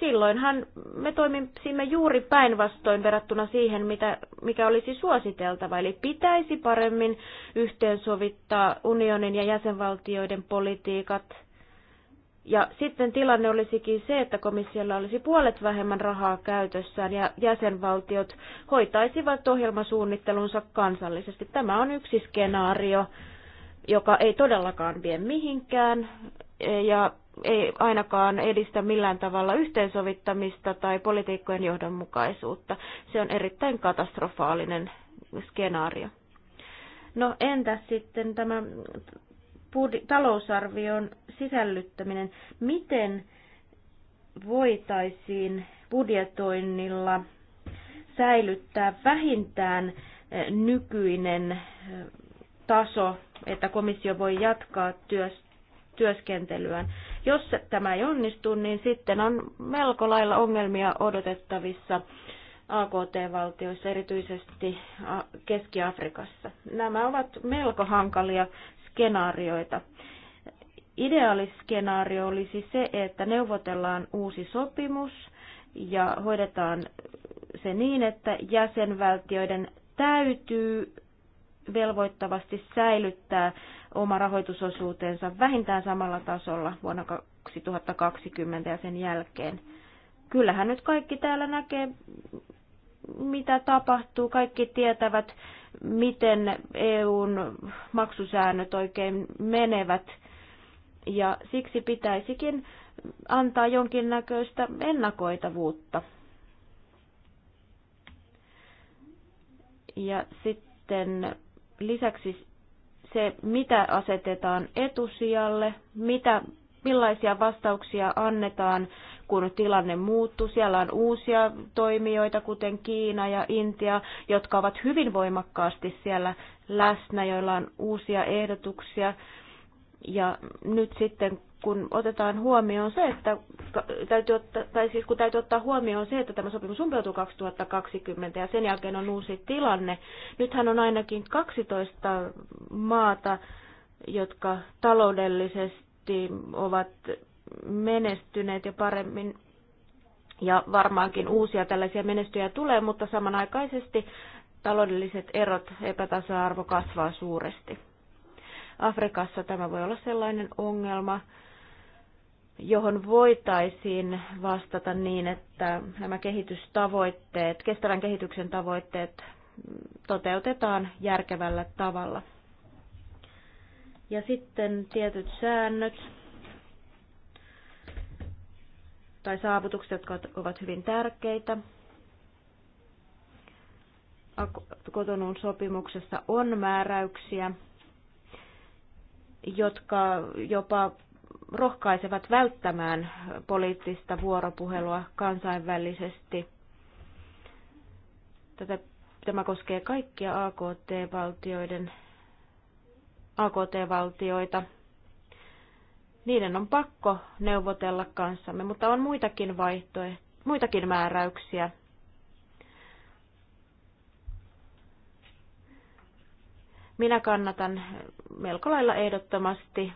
Speaker 2: silloinhan me toimisimme juuri päinvastoin verrattuna siihen, mitä, mikä olisi suositeltava. Eli pitäisi paremmin yhteensovittaa unionin ja jäsenvaltioiden politiikat. Ja sitten tilanne olisikin se, että komissiolla olisi puolet vähemmän rahaa käytössään ja jäsenvaltiot hoitaisivat ohjelmasuunnittelunsa kansallisesti. Tämä on yksi skenaario, joka ei todellakaan vie mihinkään ja ei ainakaan edistä millään tavalla yhteensovittamista tai politiikkojen johdonmukaisuutta. Se on erittäin katastrofaalinen skenaario. No entä sitten tämä talousarvion sisällyttäminen? Miten voitaisiin budjetoinnilla säilyttää vähintään eh, nykyinen eh, taso, että komissio voi jatkaa työstä? työskentelyään. Jos tämä ei onnistu, niin sitten on melko lailla ongelmia odotettavissa AKT-valtioissa, erityisesti Keski-Afrikassa. Nämä ovat melko hankalia skenaarioita. Ideaaliskenaario olisi se, että neuvotellaan uusi sopimus ja hoidetaan se niin, että jäsenvaltioiden täytyy velvoittavasti säilyttää oma rahoitusosuutensa vähintään samalla tasolla vuonna 2020 ja sen jälkeen. Kyllähän nyt kaikki täällä näkee, mitä tapahtuu. Kaikki tietävät, miten EUn maksusäännöt oikein menevät. Ja siksi pitäisikin antaa jonkinnäköistä ennakoitavuutta. Ja sitten lisäksi se, mitä asetetaan etusijalle, mitä, millaisia vastauksia annetaan, kun tilanne muuttuu. Siellä on uusia toimijoita, kuten Kiina ja Intia, jotka ovat hyvin voimakkaasti siellä läsnä, joilla on uusia ehdotuksia. Ja nyt sitten kun otetaan huomioon se, että täytyy ottaa, tai siis kun täytyy ottaa huomioon se, että tämä sopimus umpeutuu 2020 ja sen jälkeen on uusi tilanne. Nythän on ainakin 12 maata, jotka taloudellisesti ovat menestyneet ja paremmin ja varmaankin uusia tällaisia menestyjä tulee, mutta samanaikaisesti taloudelliset erot, epätasa-arvo kasvaa suuresti. Afrikassa tämä voi olla sellainen ongelma, johon voitaisiin vastata niin, että nämä kehitystavoitteet, kestävän kehityksen tavoitteet toteutetaan järkevällä tavalla. Ja sitten tietyt säännöt tai saavutukset, jotka ovat hyvin tärkeitä. Kotonuun sopimuksessa on määräyksiä, jotka jopa rohkaisevat välttämään poliittista vuoropuhelua kansainvälisesti. Tätä, tämä koskee kaikkia AKT-valtioiden AKT-valtioita. Niiden on pakko neuvotella kanssamme, mutta on muitakin vaihtoehtoja, muitakin määräyksiä. Minä kannatan melko lailla ehdottomasti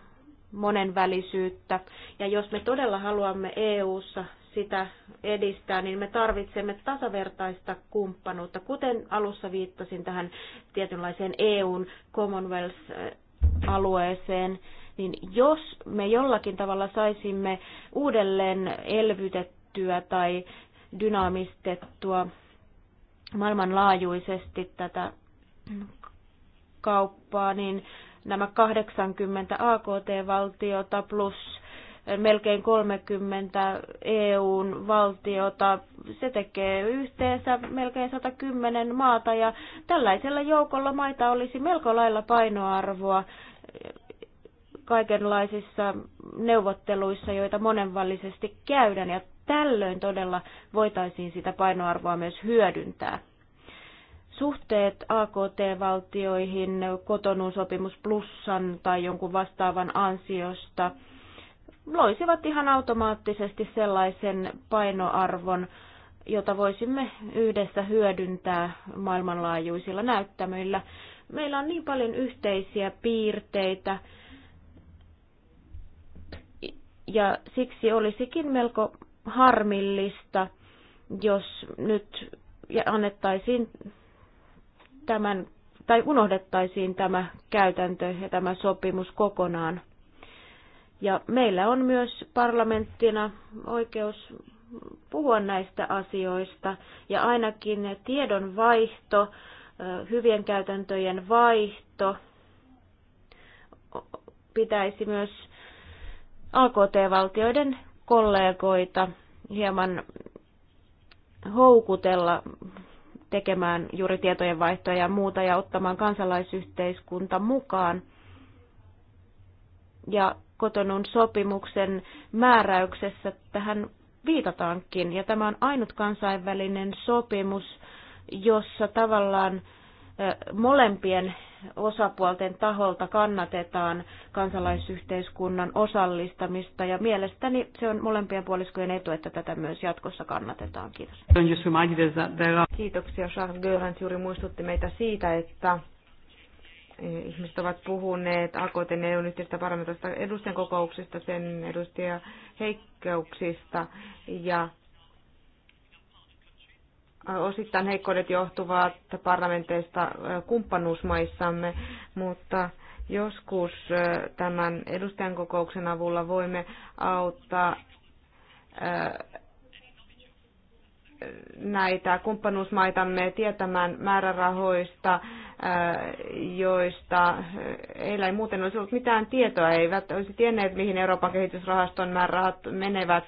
Speaker 2: monenvälisyyttä. Ja jos me todella haluamme EU:ssa sitä edistää, niin me tarvitsemme tasavertaista kumppanuutta, kuten alussa viittasin tähän tietynlaiseen EUn Commonwealth-alueeseen, niin jos me jollakin tavalla saisimme uudelleen elvytettyä tai dynaamistettua maailmanlaajuisesti tätä kauppaa, niin nämä 80 AKT-valtiota plus melkein 30 EUn valtiota. Se tekee yhteensä melkein 110 maata ja tällaisella joukolla maita olisi melko lailla painoarvoa kaikenlaisissa neuvotteluissa, joita monenvallisesti käydään ja tällöin todella voitaisiin sitä painoarvoa myös hyödyntää suhteet AKT-valtioihin kotonuusopimus plussan tai jonkun vastaavan ansiosta loisivat ihan automaattisesti sellaisen painoarvon, jota voisimme yhdessä hyödyntää maailmanlaajuisilla näyttämöillä. Meillä on niin paljon yhteisiä piirteitä ja siksi olisikin melko harmillista, jos nyt annettaisiin tämän, tai unohdettaisiin tämä käytäntö ja tämä sopimus kokonaan. Ja meillä on myös parlamenttina oikeus puhua näistä asioista ja ainakin tiedon vaihto, hyvien käytäntöjen vaihto pitäisi myös AKT-valtioiden kollegoita hieman houkutella tekemään juuri tietojenvaihtoja ja muuta ja ottamaan kansalaisyhteiskunta mukaan. Ja kotonun sopimuksen määräyksessä tähän viitataankin. Ja tämä on ainut kansainvälinen sopimus, jossa tavallaan molempien osapuolten taholta kannatetaan kansalaisyhteiskunnan osallistamista ja mielestäni se on molempien puoliskojen etu, että tätä myös jatkossa kannatetaan. Kiitos.
Speaker 1: Kiitoksia Charles Görans juuri muistutti meitä siitä, että e, ihmiset ovat puhuneet AKTn EUn yhteistä parlamentaarista edustajan kokouksesta, sen edustajan heikkeuksista ja osittain heikkoudet johtuvat parlamenteista kumppanuusmaissamme, mutta joskus tämän edustajan kokouksen avulla voimme auttaa näitä kumppanuusmaitamme tietämään määrärahoista, äh, joista äh, heillä ei muuten olisi ollut mitään tietoa, eivät olisi tienneet, mihin Euroopan kehitysrahaston määrärahat menevät,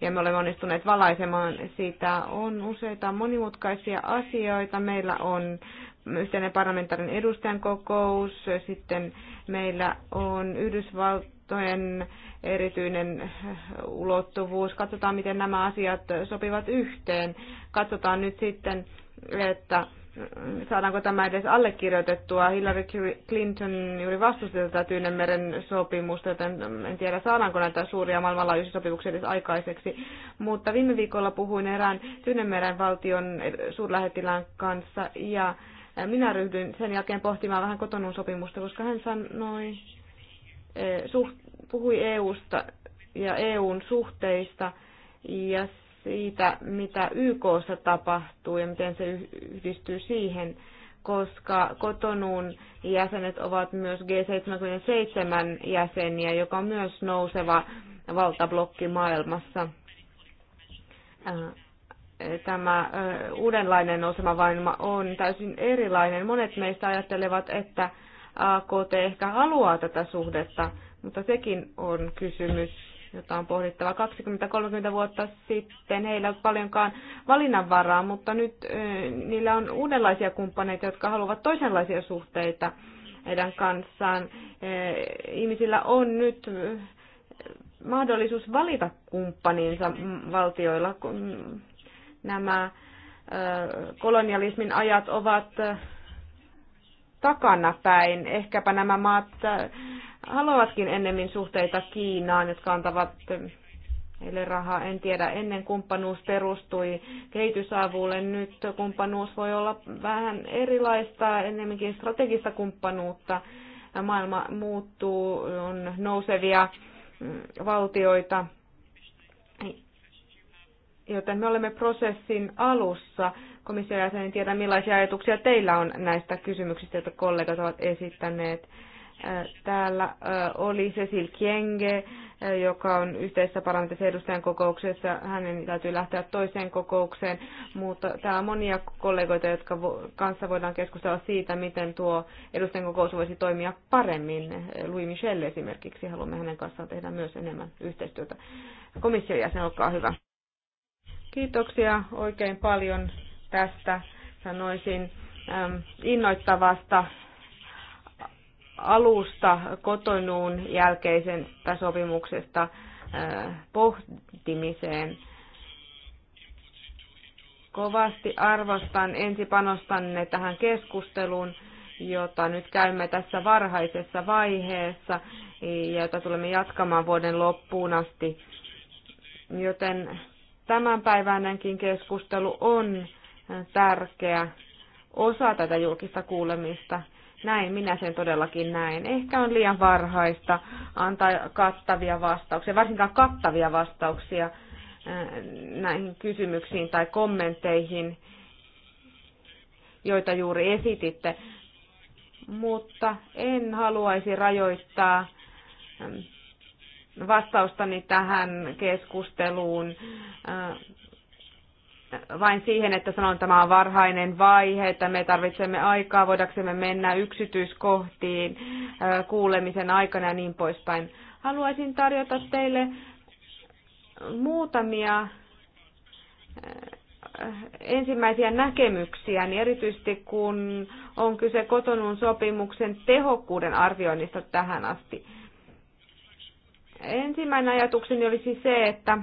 Speaker 1: ja me olemme onnistuneet valaisemaan siitä. On useita monimutkaisia asioita. Meillä on yhteinen parlamentaarinen edustajan kokous, sitten meillä on yhdysvalt vaihtoehtojen erityinen äh, ulottuvuus. Katsotaan, miten nämä asiat sopivat yhteen. Katsotaan nyt sitten, että äh, saadaanko tämä edes allekirjoitettua. Hillary Clinton juuri vastusti tätä Tyynemeren sopimusta, joten mm, en tiedä saadaanko näitä suuria maailmanlaajuisia sopimuksia edes aikaiseksi. Mutta viime viikolla puhuin erään Tyynemeren valtion suurlähettilään kanssa ja äh, minä ryhdyin sen jälkeen pohtimaan vähän kotonun sopimusta, koska hän sanoi, Eh, puhui EUsta ja EUn suhteista ja siitä, mitä YKssa tapahtuu ja miten se yhdistyy siihen, koska kotonuun jäsenet ovat myös G77 jäseniä, joka on myös nouseva valtablokki maailmassa. Eh, tämä eh, uudenlainen nousema on täysin erilainen. Monet meistä ajattelevat, että AKT ehkä haluaa tätä suhdetta, mutta sekin on kysymys, jota on pohdittava. 20-30 vuotta sitten heillä ei ole paljonkaan valinnanvaraa, mutta nyt niillä on uudenlaisia kumppaneita, jotka haluavat toisenlaisia suhteita heidän kanssaan. Ihmisillä on nyt mahdollisuus valita kumppaninsa valtioilla, kun nämä kolonialismin ajat ovat takana päin. Ehkäpä nämä maat äh, haluavatkin ennemmin suhteita Kiinaan, jotka antavat Eli rahaa en tiedä. Ennen kumppanuus perustui kehitysavulle, nyt kumppanuus voi olla vähän erilaista, ennemminkin strategista kumppanuutta. Maailma muuttuu, on nousevia mm, valtioita, joten me olemme prosessin alussa. Komission en tiedä, millaisia ajatuksia teillä on näistä kysymyksistä, joita kollegat ovat esittäneet. Täällä oli Cecil Kienge, joka on yhteisessä parlamentissa edustajan kokouksessa. Hänen täytyy lähteä toiseen kokoukseen, mutta täällä on monia kollegoita, jotka kanssa voidaan keskustella siitä, miten tuo edustajan kokous voisi toimia paremmin. Louis Michel esimerkiksi, haluamme hänen kanssaan tehdä myös enemmän yhteistyötä. Komission jäsen, olkaa hyvä. Kiitoksia oikein paljon tästä, sanoisin, innoittavasta alusta kotonuun jälkeisen sopimuksesta äh, pohtimiseen. Kovasti arvostan ensi panostanne tähän keskusteluun, jota nyt käymme tässä varhaisessa vaiheessa ja jota tulemme jatkamaan vuoden loppuun asti. Joten tämänpäiväinenkin keskustelu on tärkeä osa tätä julkista kuulemista. Näin minä sen todellakin näen. Ehkä on liian varhaista antaa kattavia vastauksia, varsinkaan kattavia vastauksia eh, näihin kysymyksiin tai kommentteihin, joita juuri esititte. Mutta en haluaisi rajoittaa eh, vastaustani tähän keskusteluun äh, vain siihen, että sanon, että tämä on varhainen vaihe, että me tarvitsemme aikaa, voidaksemme mennä yksityiskohtiin äh, kuulemisen aikana ja niin poispäin. Haluaisin tarjota teille muutamia äh, ensimmäisiä näkemyksiä, niin erityisesti kun on kyse kotonun sopimuksen tehokkuuden arvioinnista tähän asti. Ensimmäinen ajatukseni oli siis se, että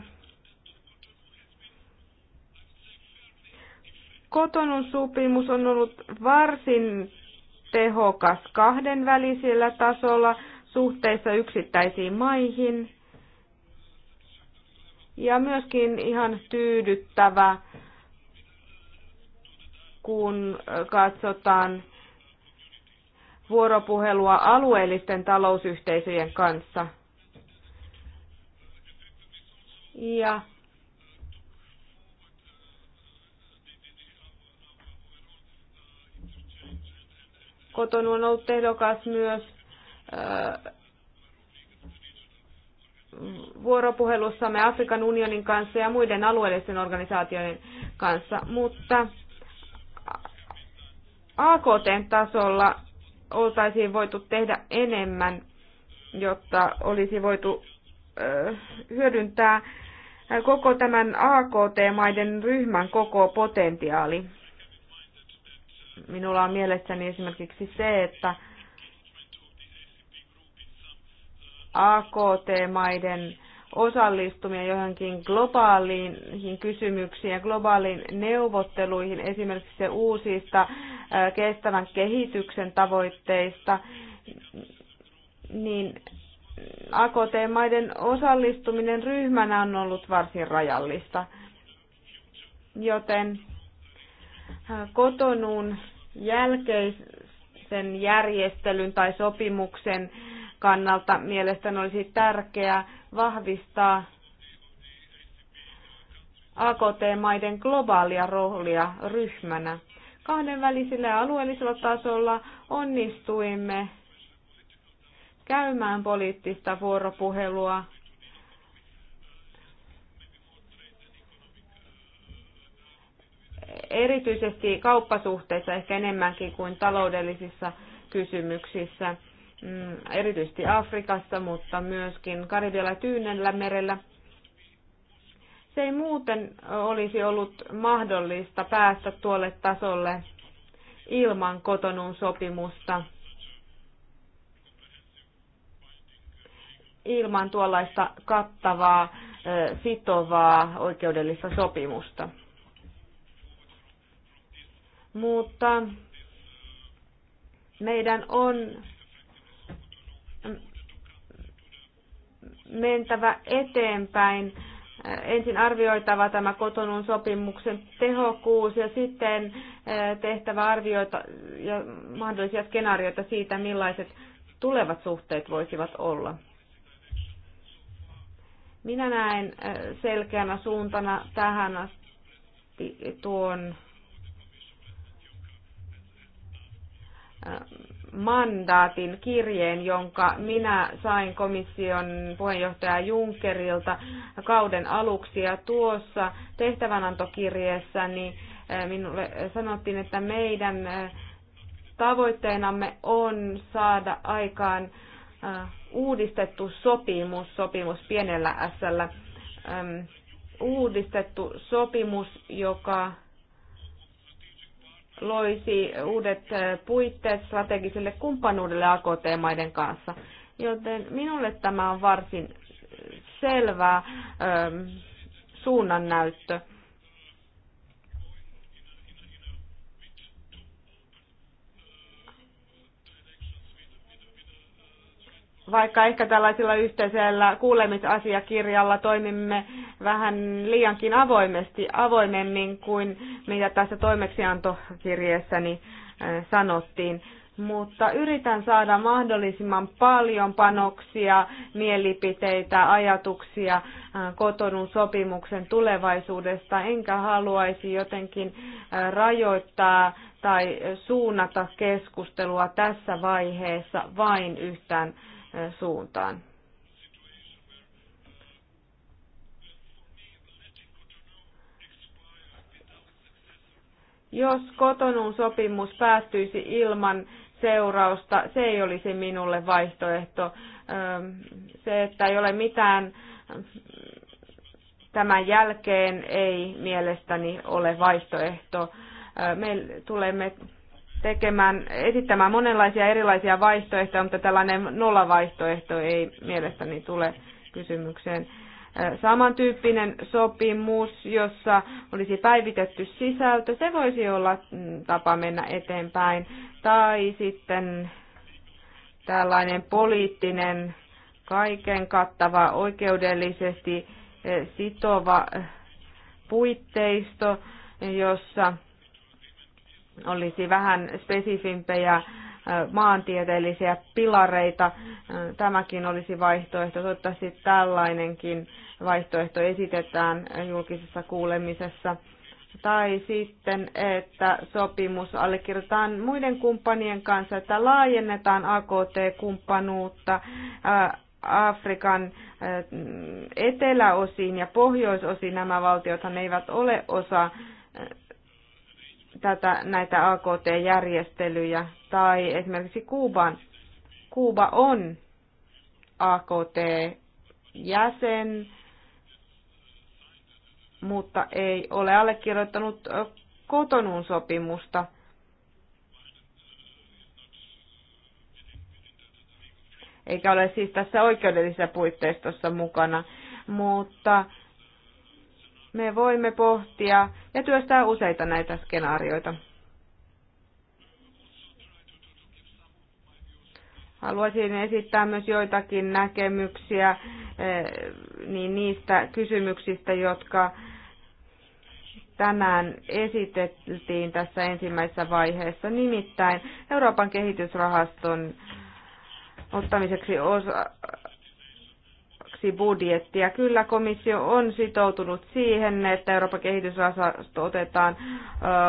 Speaker 1: kotonun sopimus on ollut varsin tehokas kahdenvälisellä tasolla suhteessa yksittäisiin maihin ja myöskin ihan tyydyttävä, kun katsotaan vuoropuhelua alueellisten talousyhteisöjen kanssa – ja kotonu on ollut tehdokas myös vuoropuhelussamme Afrikan unionin kanssa ja muiden alueellisten organisaatioiden kanssa, mutta AKT-tasolla oltaisiin voitu tehdä enemmän, jotta olisi voitu hyödyntää koko tämän AKT-maiden ryhmän koko potentiaali. Minulla on mielessäni esimerkiksi se, että AKT-maiden osallistuminen johonkin globaaliin kysymyksiin ja globaaliin neuvotteluihin, esimerkiksi se uusista kestävän kehityksen tavoitteista, niin AKT-maiden osallistuminen ryhmänä on ollut varsin rajallista, joten äh, kotonuun jälkeisen järjestelyn tai sopimuksen kannalta mielestäni olisi tärkeää vahvistaa AKT-maiden globaalia roolia ryhmänä. Kahdenvälisellä ja alueellisella tasolla onnistuimme käymään poliittista vuoropuhelua erityisesti kauppasuhteissa ehkä enemmänkin kuin taloudellisissa kysymyksissä, mm, erityisesti Afrikassa, mutta myöskin Karibialla ja Tyynellä merellä. Se ei muuten olisi ollut mahdollista päästä tuolle tasolle ilman kotonun sopimusta – ilman tuollaista kattavaa, sitovaa oikeudellista sopimusta. Mutta meidän on mentävä eteenpäin. Ensin arvioitava tämä kotonun sopimuksen tehokkuus ja sitten tehtävä arvioita ja mahdollisia skenaarioita siitä, millaiset tulevat suhteet voisivat olla. Minä näen selkeänä suuntana tähän asti tuon mandaatin kirjeen, jonka minä sain komission puheenjohtaja Junckerilta kauden aluksi. Ja tuossa tehtävänantokirjeessä niin minulle sanottiin, että meidän tavoitteenamme on saada aikaan uudistettu sopimus, sopimus pienellä ässällä, uudistettu sopimus, joka loisi uudet puitteet strategiselle kumppanuudelle AKT-maiden kanssa. Joten minulle tämä on varsin selvä suunnannäyttö. näyttö vaikka ehkä tällaisella yhteisellä kuulemisasiakirjalla toimimme vähän liiankin avoimesti, avoimemmin kuin mitä tässä toimeksiantokirjeessäni niin, sanottiin. Mutta yritän saada mahdollisimman paljon panoksia, mielipiteitä, ajatuksia kotonun sopimuksen tulevaisuudesta, enkä haluaisi jotenkin rajoittaa tai suunnata keskustelua tässä vaiheessa vain yhtään suuntaan. Jos kotonun sopimus päättyisi ilman seurausta, se ei olisi minulle vaihtoehto. Se, että ei ole mitään tämän jälkeen, ei mielestäni ole vaihtoehto. Me tulemme tekemään, esittämään monenlaisia erilaisia vaihtoehtoja, mutta tällainen nollavaihtoehto ei mielestäni tule kysymykseen. Samantyyppinen sopimus, jossa olisi päivitetty sisältö, se voisi olla mm, tapa mennä eteenpäin. Tai sitten tällainen poliittinen, kaiken kattava, oikeudellisesti sitova puitteisto, jossa olisi vähän spesifimpejä maantieteellisiä pilareita. Tämäkin olisi vaihtoehto. Toivottavasti tällainenkin vaihtoehto esitetään julkisessa kuulemisessa. Tai sitten, että sopimus allekirjoitetaan muiden kumppanien kanssa, että laajennetaan AKT-kumppanuutta Afrikan eteläosiin ja pohjoisosiin. Nämä valtiothan eivät ole osa tätä, näitä AKT-järjestelyjä tai esimerkiksi Kuuban. Kuuba on AKT-jäsen, mutta ei ole allekirjoittanut kotonuun sopimusta. Eikä ole siis tässä oikeudellisessa puitteistossa mukana, mutta me voimme pohtia ja työstää useita näitä skenaarioita. Haluaisin esittää myös joitakin näkemyksiä eh, niin niistä kysymyksistä, jotka tänään esitettiin tässä ensimmäisessä vaiheessa, nimittäin Euroopan kehitysrahaston ottamiseksi osa, osaksi budjettia. Kyllä komissio on sitoutunut siihen, että Euroopan kehitysrahasto otetaan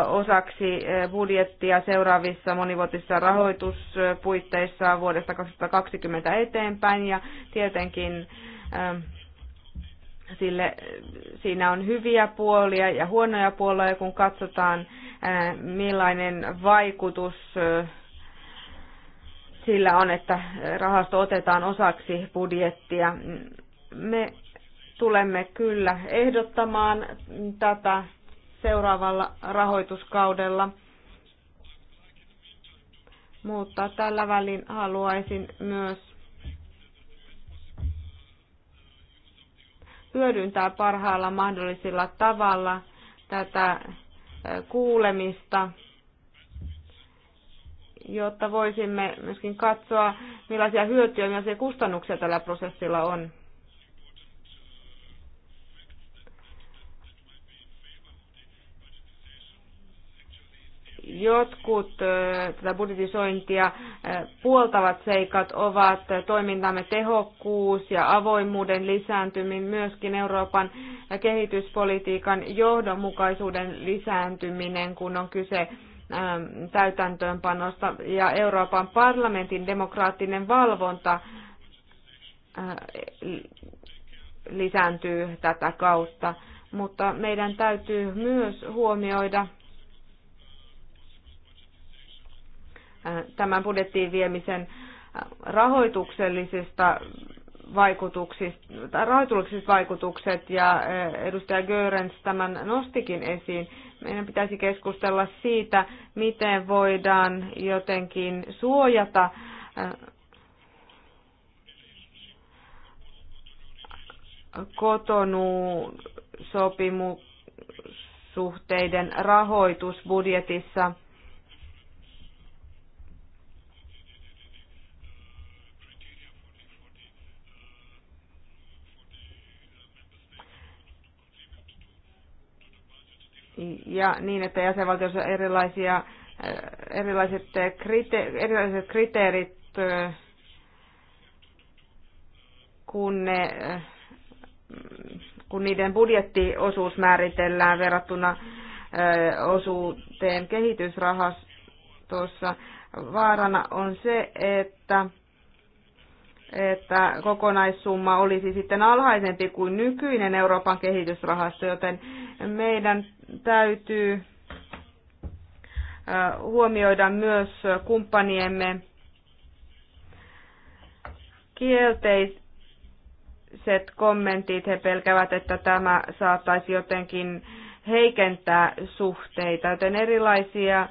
Speaker 1: osaksi budjettia seuraavissa monivuotisissa rahoituspuitteissa vuodesta 2020 eteenpäin ja tietenkin sille, siinä on hyviä puolia ja huonoja puolia, kun katsotaan millainen vaikutus sillä on, että eh, rahasto otetaan osaksi budjettia. Me tulemme kyllä ehdottamaan tätä seuraavalla rahoituskaudella. Mutta tällä välin haluaisin myös hyödyntää parhaalla mahdollisella tavalla tätä eh, kuulemista jotta voisimme myöskin katsoa, millaisia hyötyjä ja millaisia kustannuksia tällä prosessilla on. jotkut tätä budjetisointia puoltavat seikat ovat toimintamme tehokkuus ja avoimuuden lisääntyminen, myöskin Euroopan kehityspolitiikan johdonmukaisuuden lisääntyminen, kun on kyse Ähm, täytäntöönpanosta ja Euroopan parlamentin demokraattinen valvonta äh, lisääntyy tätä kautta. Mutta meidän täytyy myös huomioida äh, tämän budjettiin viemisen äh, rahoituksellisista vaikutuksista, rahoitukselliset vaikutukset ja edustaja Görens tämän nostikin esiin. Meidän pitäisi keskustella siitä, miten voidaan jotenkin suojata äh, kotonuun sopimussuhteiden rahoitus budjetissa – ja niin, että jäsenvaltioissa erilaisia, äh, erilaiset, äh, krite, erilaiset kriteerit, äh, kun, ne, kun niiden budjettiosuus määritellään verrattuna osuuteen kehitysrahastossa, vaarana on se, että että kokonaissumma olisi sitten alhaisempi kuin nykyinen Euroopan kehitysrahasto, joten meidän täytyy huomioida myös kumppaniemme kielteiset kommentit. He pelkävät, että tämä saattaisi jotenkin heikentää suhteita, joten erilaisia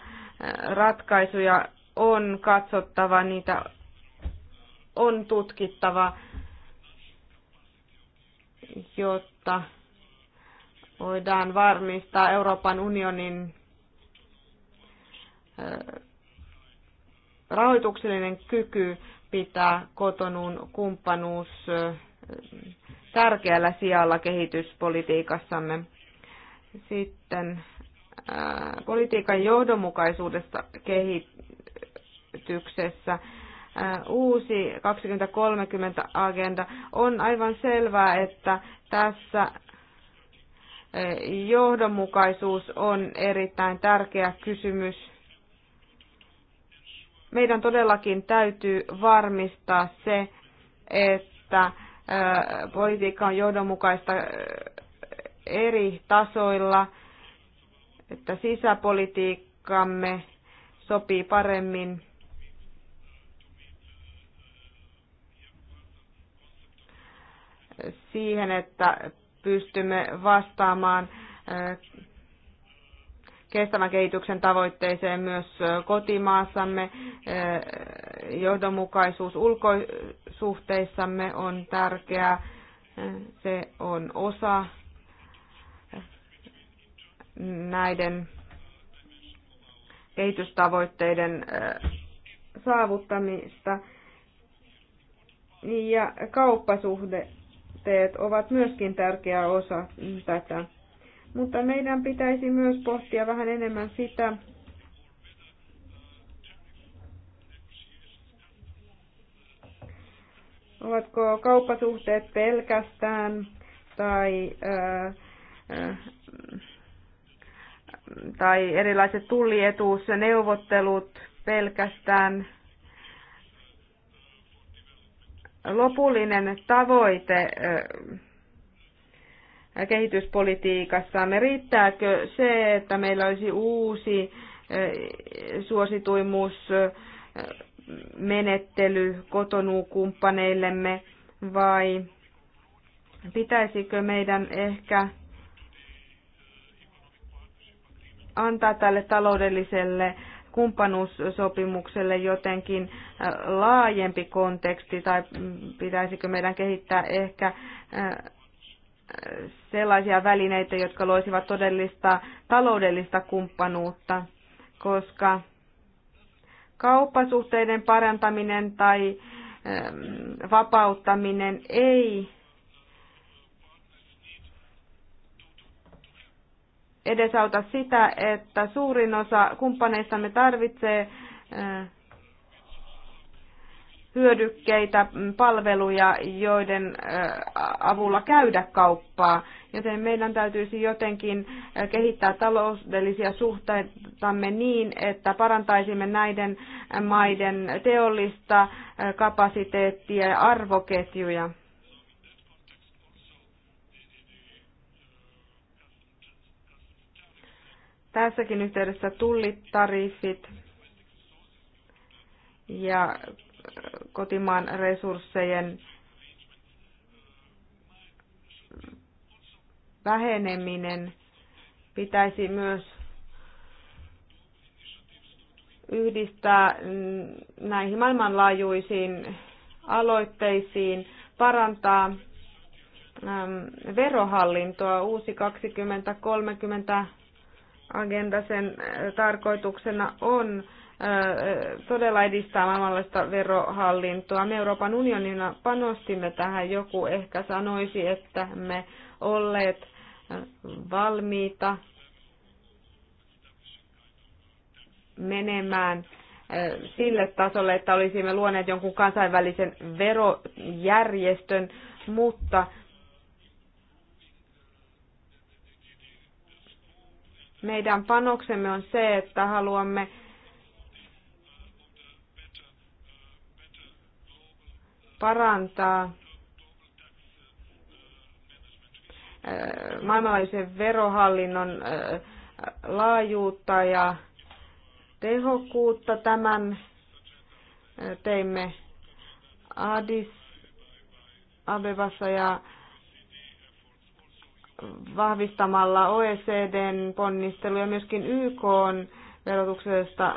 Speaker 1: ratkaisuja on katsottava, niitä on tutkittava, jotta voidaan varmistaa Euroopan unionin rahoituksellinen kyky pitää kotonun kumppanuus tärkeällä sijalla kehityspolitiikassamme. Sitten politiikan johdonmukaisuudesta kehityksessä. uusi 2030-agenda on aivan selvää, että tässä johdonmukaisuus on erittäin tärkeä kysymys. Meidän todellakin täytyy varmistaa se, että politiikka on johdonmukaista eri tasoilla, että sisäpolitiikkamme sopii paremmin siihen, että pystymme vastaamaan kestävän kehityksen tavoitteeseen myös kotimaassamme. Johdonmukaisuus ulkosuhteissamme on tärkeää. Se on osa näiden kehitystavoitteiden saavuttamista. Ja kauppasuhde haasteet ovat myöskin tärkeä osa tätä. Mutta meidän pitäisi myös pohtia vähän enemmän sitä, ovatko kauppasuhteet pelkästään tai, ää, äh, ää, äh, tai erilaiset tullietuusneuvottelut pelkästään lopullinen tavoite kehityspolitiikassamme? Riittääkö se, että meillä olisi uusi suosituimuusmenettely kotonuukumppaneillemme vai pitäisikö meidän ehkä antaa tälle taloudelliselle kumppanuussopimukselle jotenkin äh, laajempi konteksti tai pitäisikö meidän kehittää ehkä äh, sellaisia välineitä, jotka loisivat todellista taloudellista kumppanuutta, koska kauppasuhteiden parantaminen tai ähm, vapauttaminen ei edesauta sitä, että suurin osa kumppaneistamme tarvitsee eh, hyödykkeitä, mm, palveluja, joiden eh, avulla käydä kauppaa. Joten meidän täytyisi jotenkin eh, kehittää taloudellisia suhteitamme niin, että parantaisimme näiden maiden teollista kapasiteettia ja arvoketjuja. Tässäkin yhteydessä tullitariffit ja kotimaan resurssejen väheneminen pitäisi myös yhdistää näihin maailmanlaajuisiin aloitteisiin, parantaa verohallintoa. Uusi 2030 agenda, sen äh, tarkoituksena on äh, todella edistää maailmanlaista verohallintoa. Me Euroopan unionina panostimme tähän. Joku ehkä sanoisi, että me olleet äh, valmiita menemään sille tasolle, että olisimme luoneet jonkun kansainvälisen verojärjestön, mutta Meidän panoksemme on se, että haluamme parantaa äh, maailmanlaajuisen verohallinnon äh, laajuutta ja tehokkuutta. Tämän äh, teimme Addis Abebassa ja vahvistamalla OECDn ponnistelu ja myöskin YK verotuksesta äh,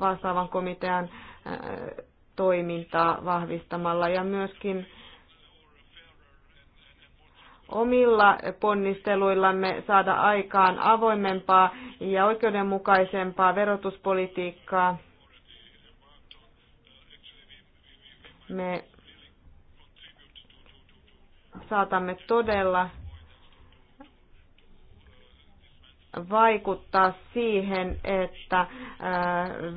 Speaker 1: vastaavan komitean äh, toimintaa vahvistamalla ja myöskin omilla ponnisteluillamme saada aikaan avoimempaa ja oikeudenmukaisempaa verotuspolitiikkaa. Me saatamme todella vaikuttaa siihen, että äh,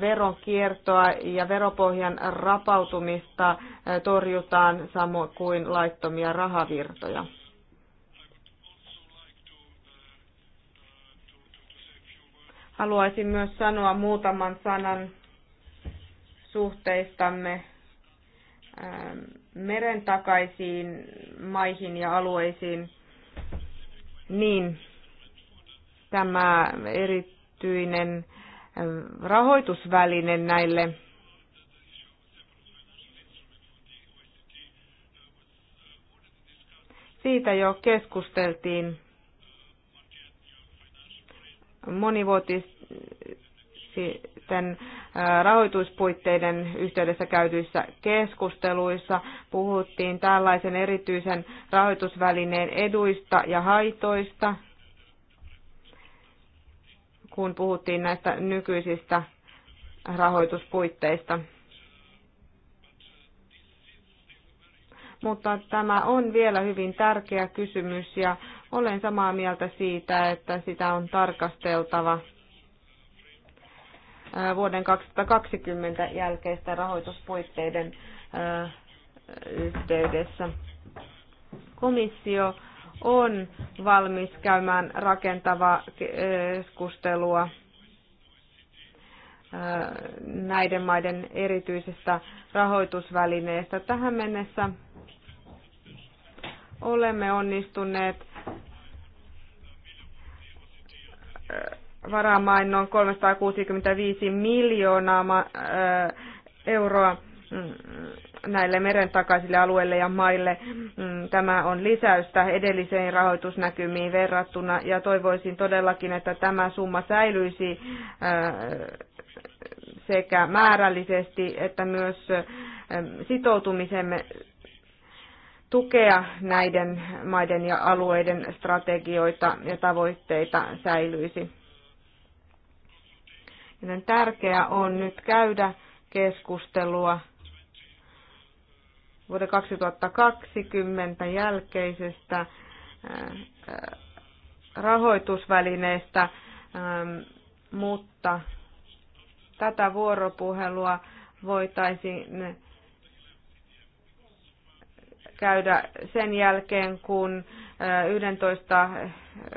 Speaker 1: veronkiertoa ja veropohjan rapautumista äh, torjutaan samoin kuin laittomia rahavirtoja. Haluaisin myös sanoa muutaman sanan suhteistamme ähm, meren takaisiin maihin ja alueisiin. Niin, tämä erityinen äh, rahoitusväline näille Siitä jo keskusteltiin monivuotisten äh, rahoituspuitteiden yhteydessä käytyissä keskusteluissa. Puhuttiin tällaisen erityisen rahoitusvälineen eduista ja haitoista kun puhuttiin näistä nykyisistä rahoituspuitteista. Mutta tämä on vielä hyvin tärkeä kysymys ja olen samaa mieltä siitä, että sitä on tarkasteltava vuoden 2020 jälkeistä rahoituspuitteiden yhteydessä. Komissio on valmis käymään rakentavaa eh, keskustelua eh, näiden maiden erityisestä rahoitusvälineestä. Tähän mennessä olemme onnistuneet varaamaan noin 365 miljoonaa eh, euroa mm, näille meren takaisille alueille ja maille. Mm, tämä on lisäystä edelliseen rahoitusnäkymiin verrattuna ja toivoisin todellakin, että tämä summa säilyisi äh, sekä määrällisesti että myös ähm, sitoutumisemme tukea näiden maiden ja alueiden strategioita ja tavoitteita säilyisi. Joten tärkeää on nyt käydä keskustelua vuoden 2020 jälkeisestä äh, äh, rahoitusvälineestä, ähm, mutta tätä vuoropuhelua voitaisiin käydä sen jälkeen, kun 11 äh,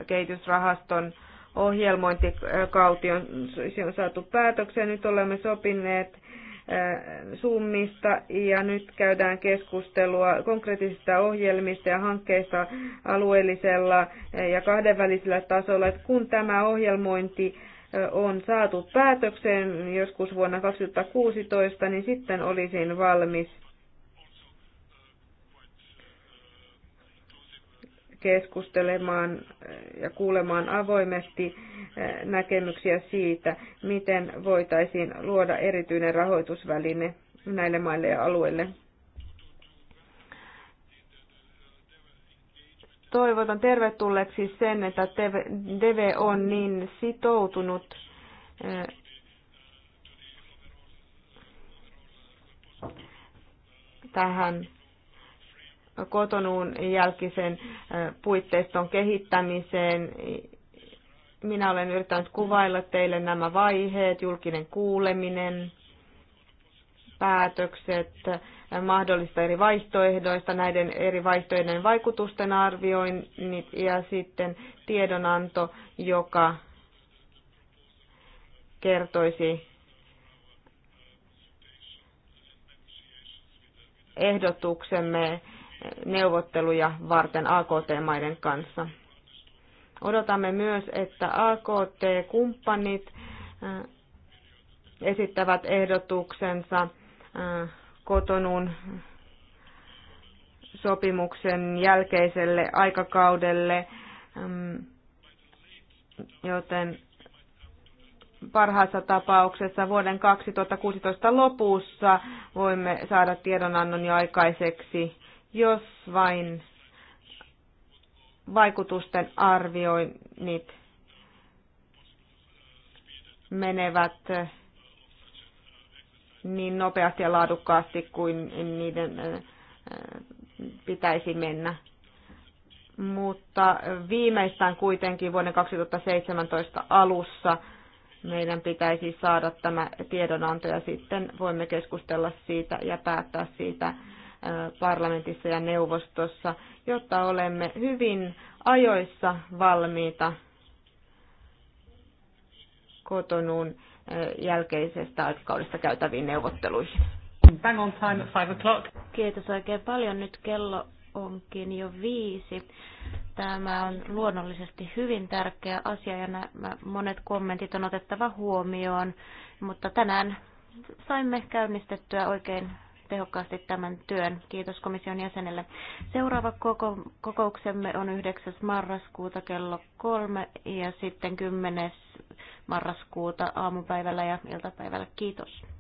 Speaker 1: kehitysrahaston ohjelmointikauti on, on saatu päätökseen. Nyt olemme sopineet summista ja nyt käydään keskustelua konkreettisista ohjelmista ja hankkeista alueellisella ja kahdenvälisellä tasolla. Että kun tämä ohjelmointi on saatu päätökseen joskus vuonna 2016, niin sitten olisin valmis keskustelemaan eh, ja kuulemaan avoimesti eh, näkemyksiä siitä, miten voitaisiin luoda erityinen rahoitusväline näille maille ja alueille. Toivotan tervetulleeksi sen, että DV on niin sitoutunut eh, tähän kotonuun jälkisen puitteiston kehittämiseen. Minä olen yrittänyt kuvailla teille nämä vaiheet, julkinen kuuleminen, päätökset mahdollista eri vaihtoehdoista, näiden eri vaihtoehdojen vaikutusten arvioinnit ja sitten tiedonanto, joka kertoisi ehdotuksemme neuvotteluja varten AKT-maiden kanssa. Odotamme myös, että AKT-kumppanit äh, esittävät ehdotuksensa äh, kotonun sopimuksen jälkeiselle aikakaudelle, ähm, joten parhaassa tapauksessa vuoden 2016 lopussa voimme saada tiedonannon jo aikaiseksi jos vain vaikutusten arvioinnit menevät niin nopeasti ja laadukkaasti kuin niiden pitäisi mennä. Mutta viimeistään kuitenkin vuoden 2017 alussa meidän pitäisi saada tämä tiedonanto ja sitten voimme keskustella siitä ja päättää siitä, parlamentissa ja neuvostossa, jotta olemme hyvin ajoissa valmiita kotonuun jälkeisestä aikakaudesta käytäviin neuvotteluihin. Bang on time at five o'clock.
Speaker 2: Kiitos oikein paljon. Nyt kello onkin jo viisi. Tämä on luonnollisesti hyvin tärkeä asia ja nämä monet kommentit on otettava huomioon, mutta tänään saimme käynnistettyä oikein tehokkaasti tämän työn. Kiitos komission jäsenelle. Seuraava koko, kokouksemme on 9. marraskuuta kello kolme ja sitten 10. marraskuuta aamupäivällä
Speaker 1: ja iltapäivällä. Kiitos.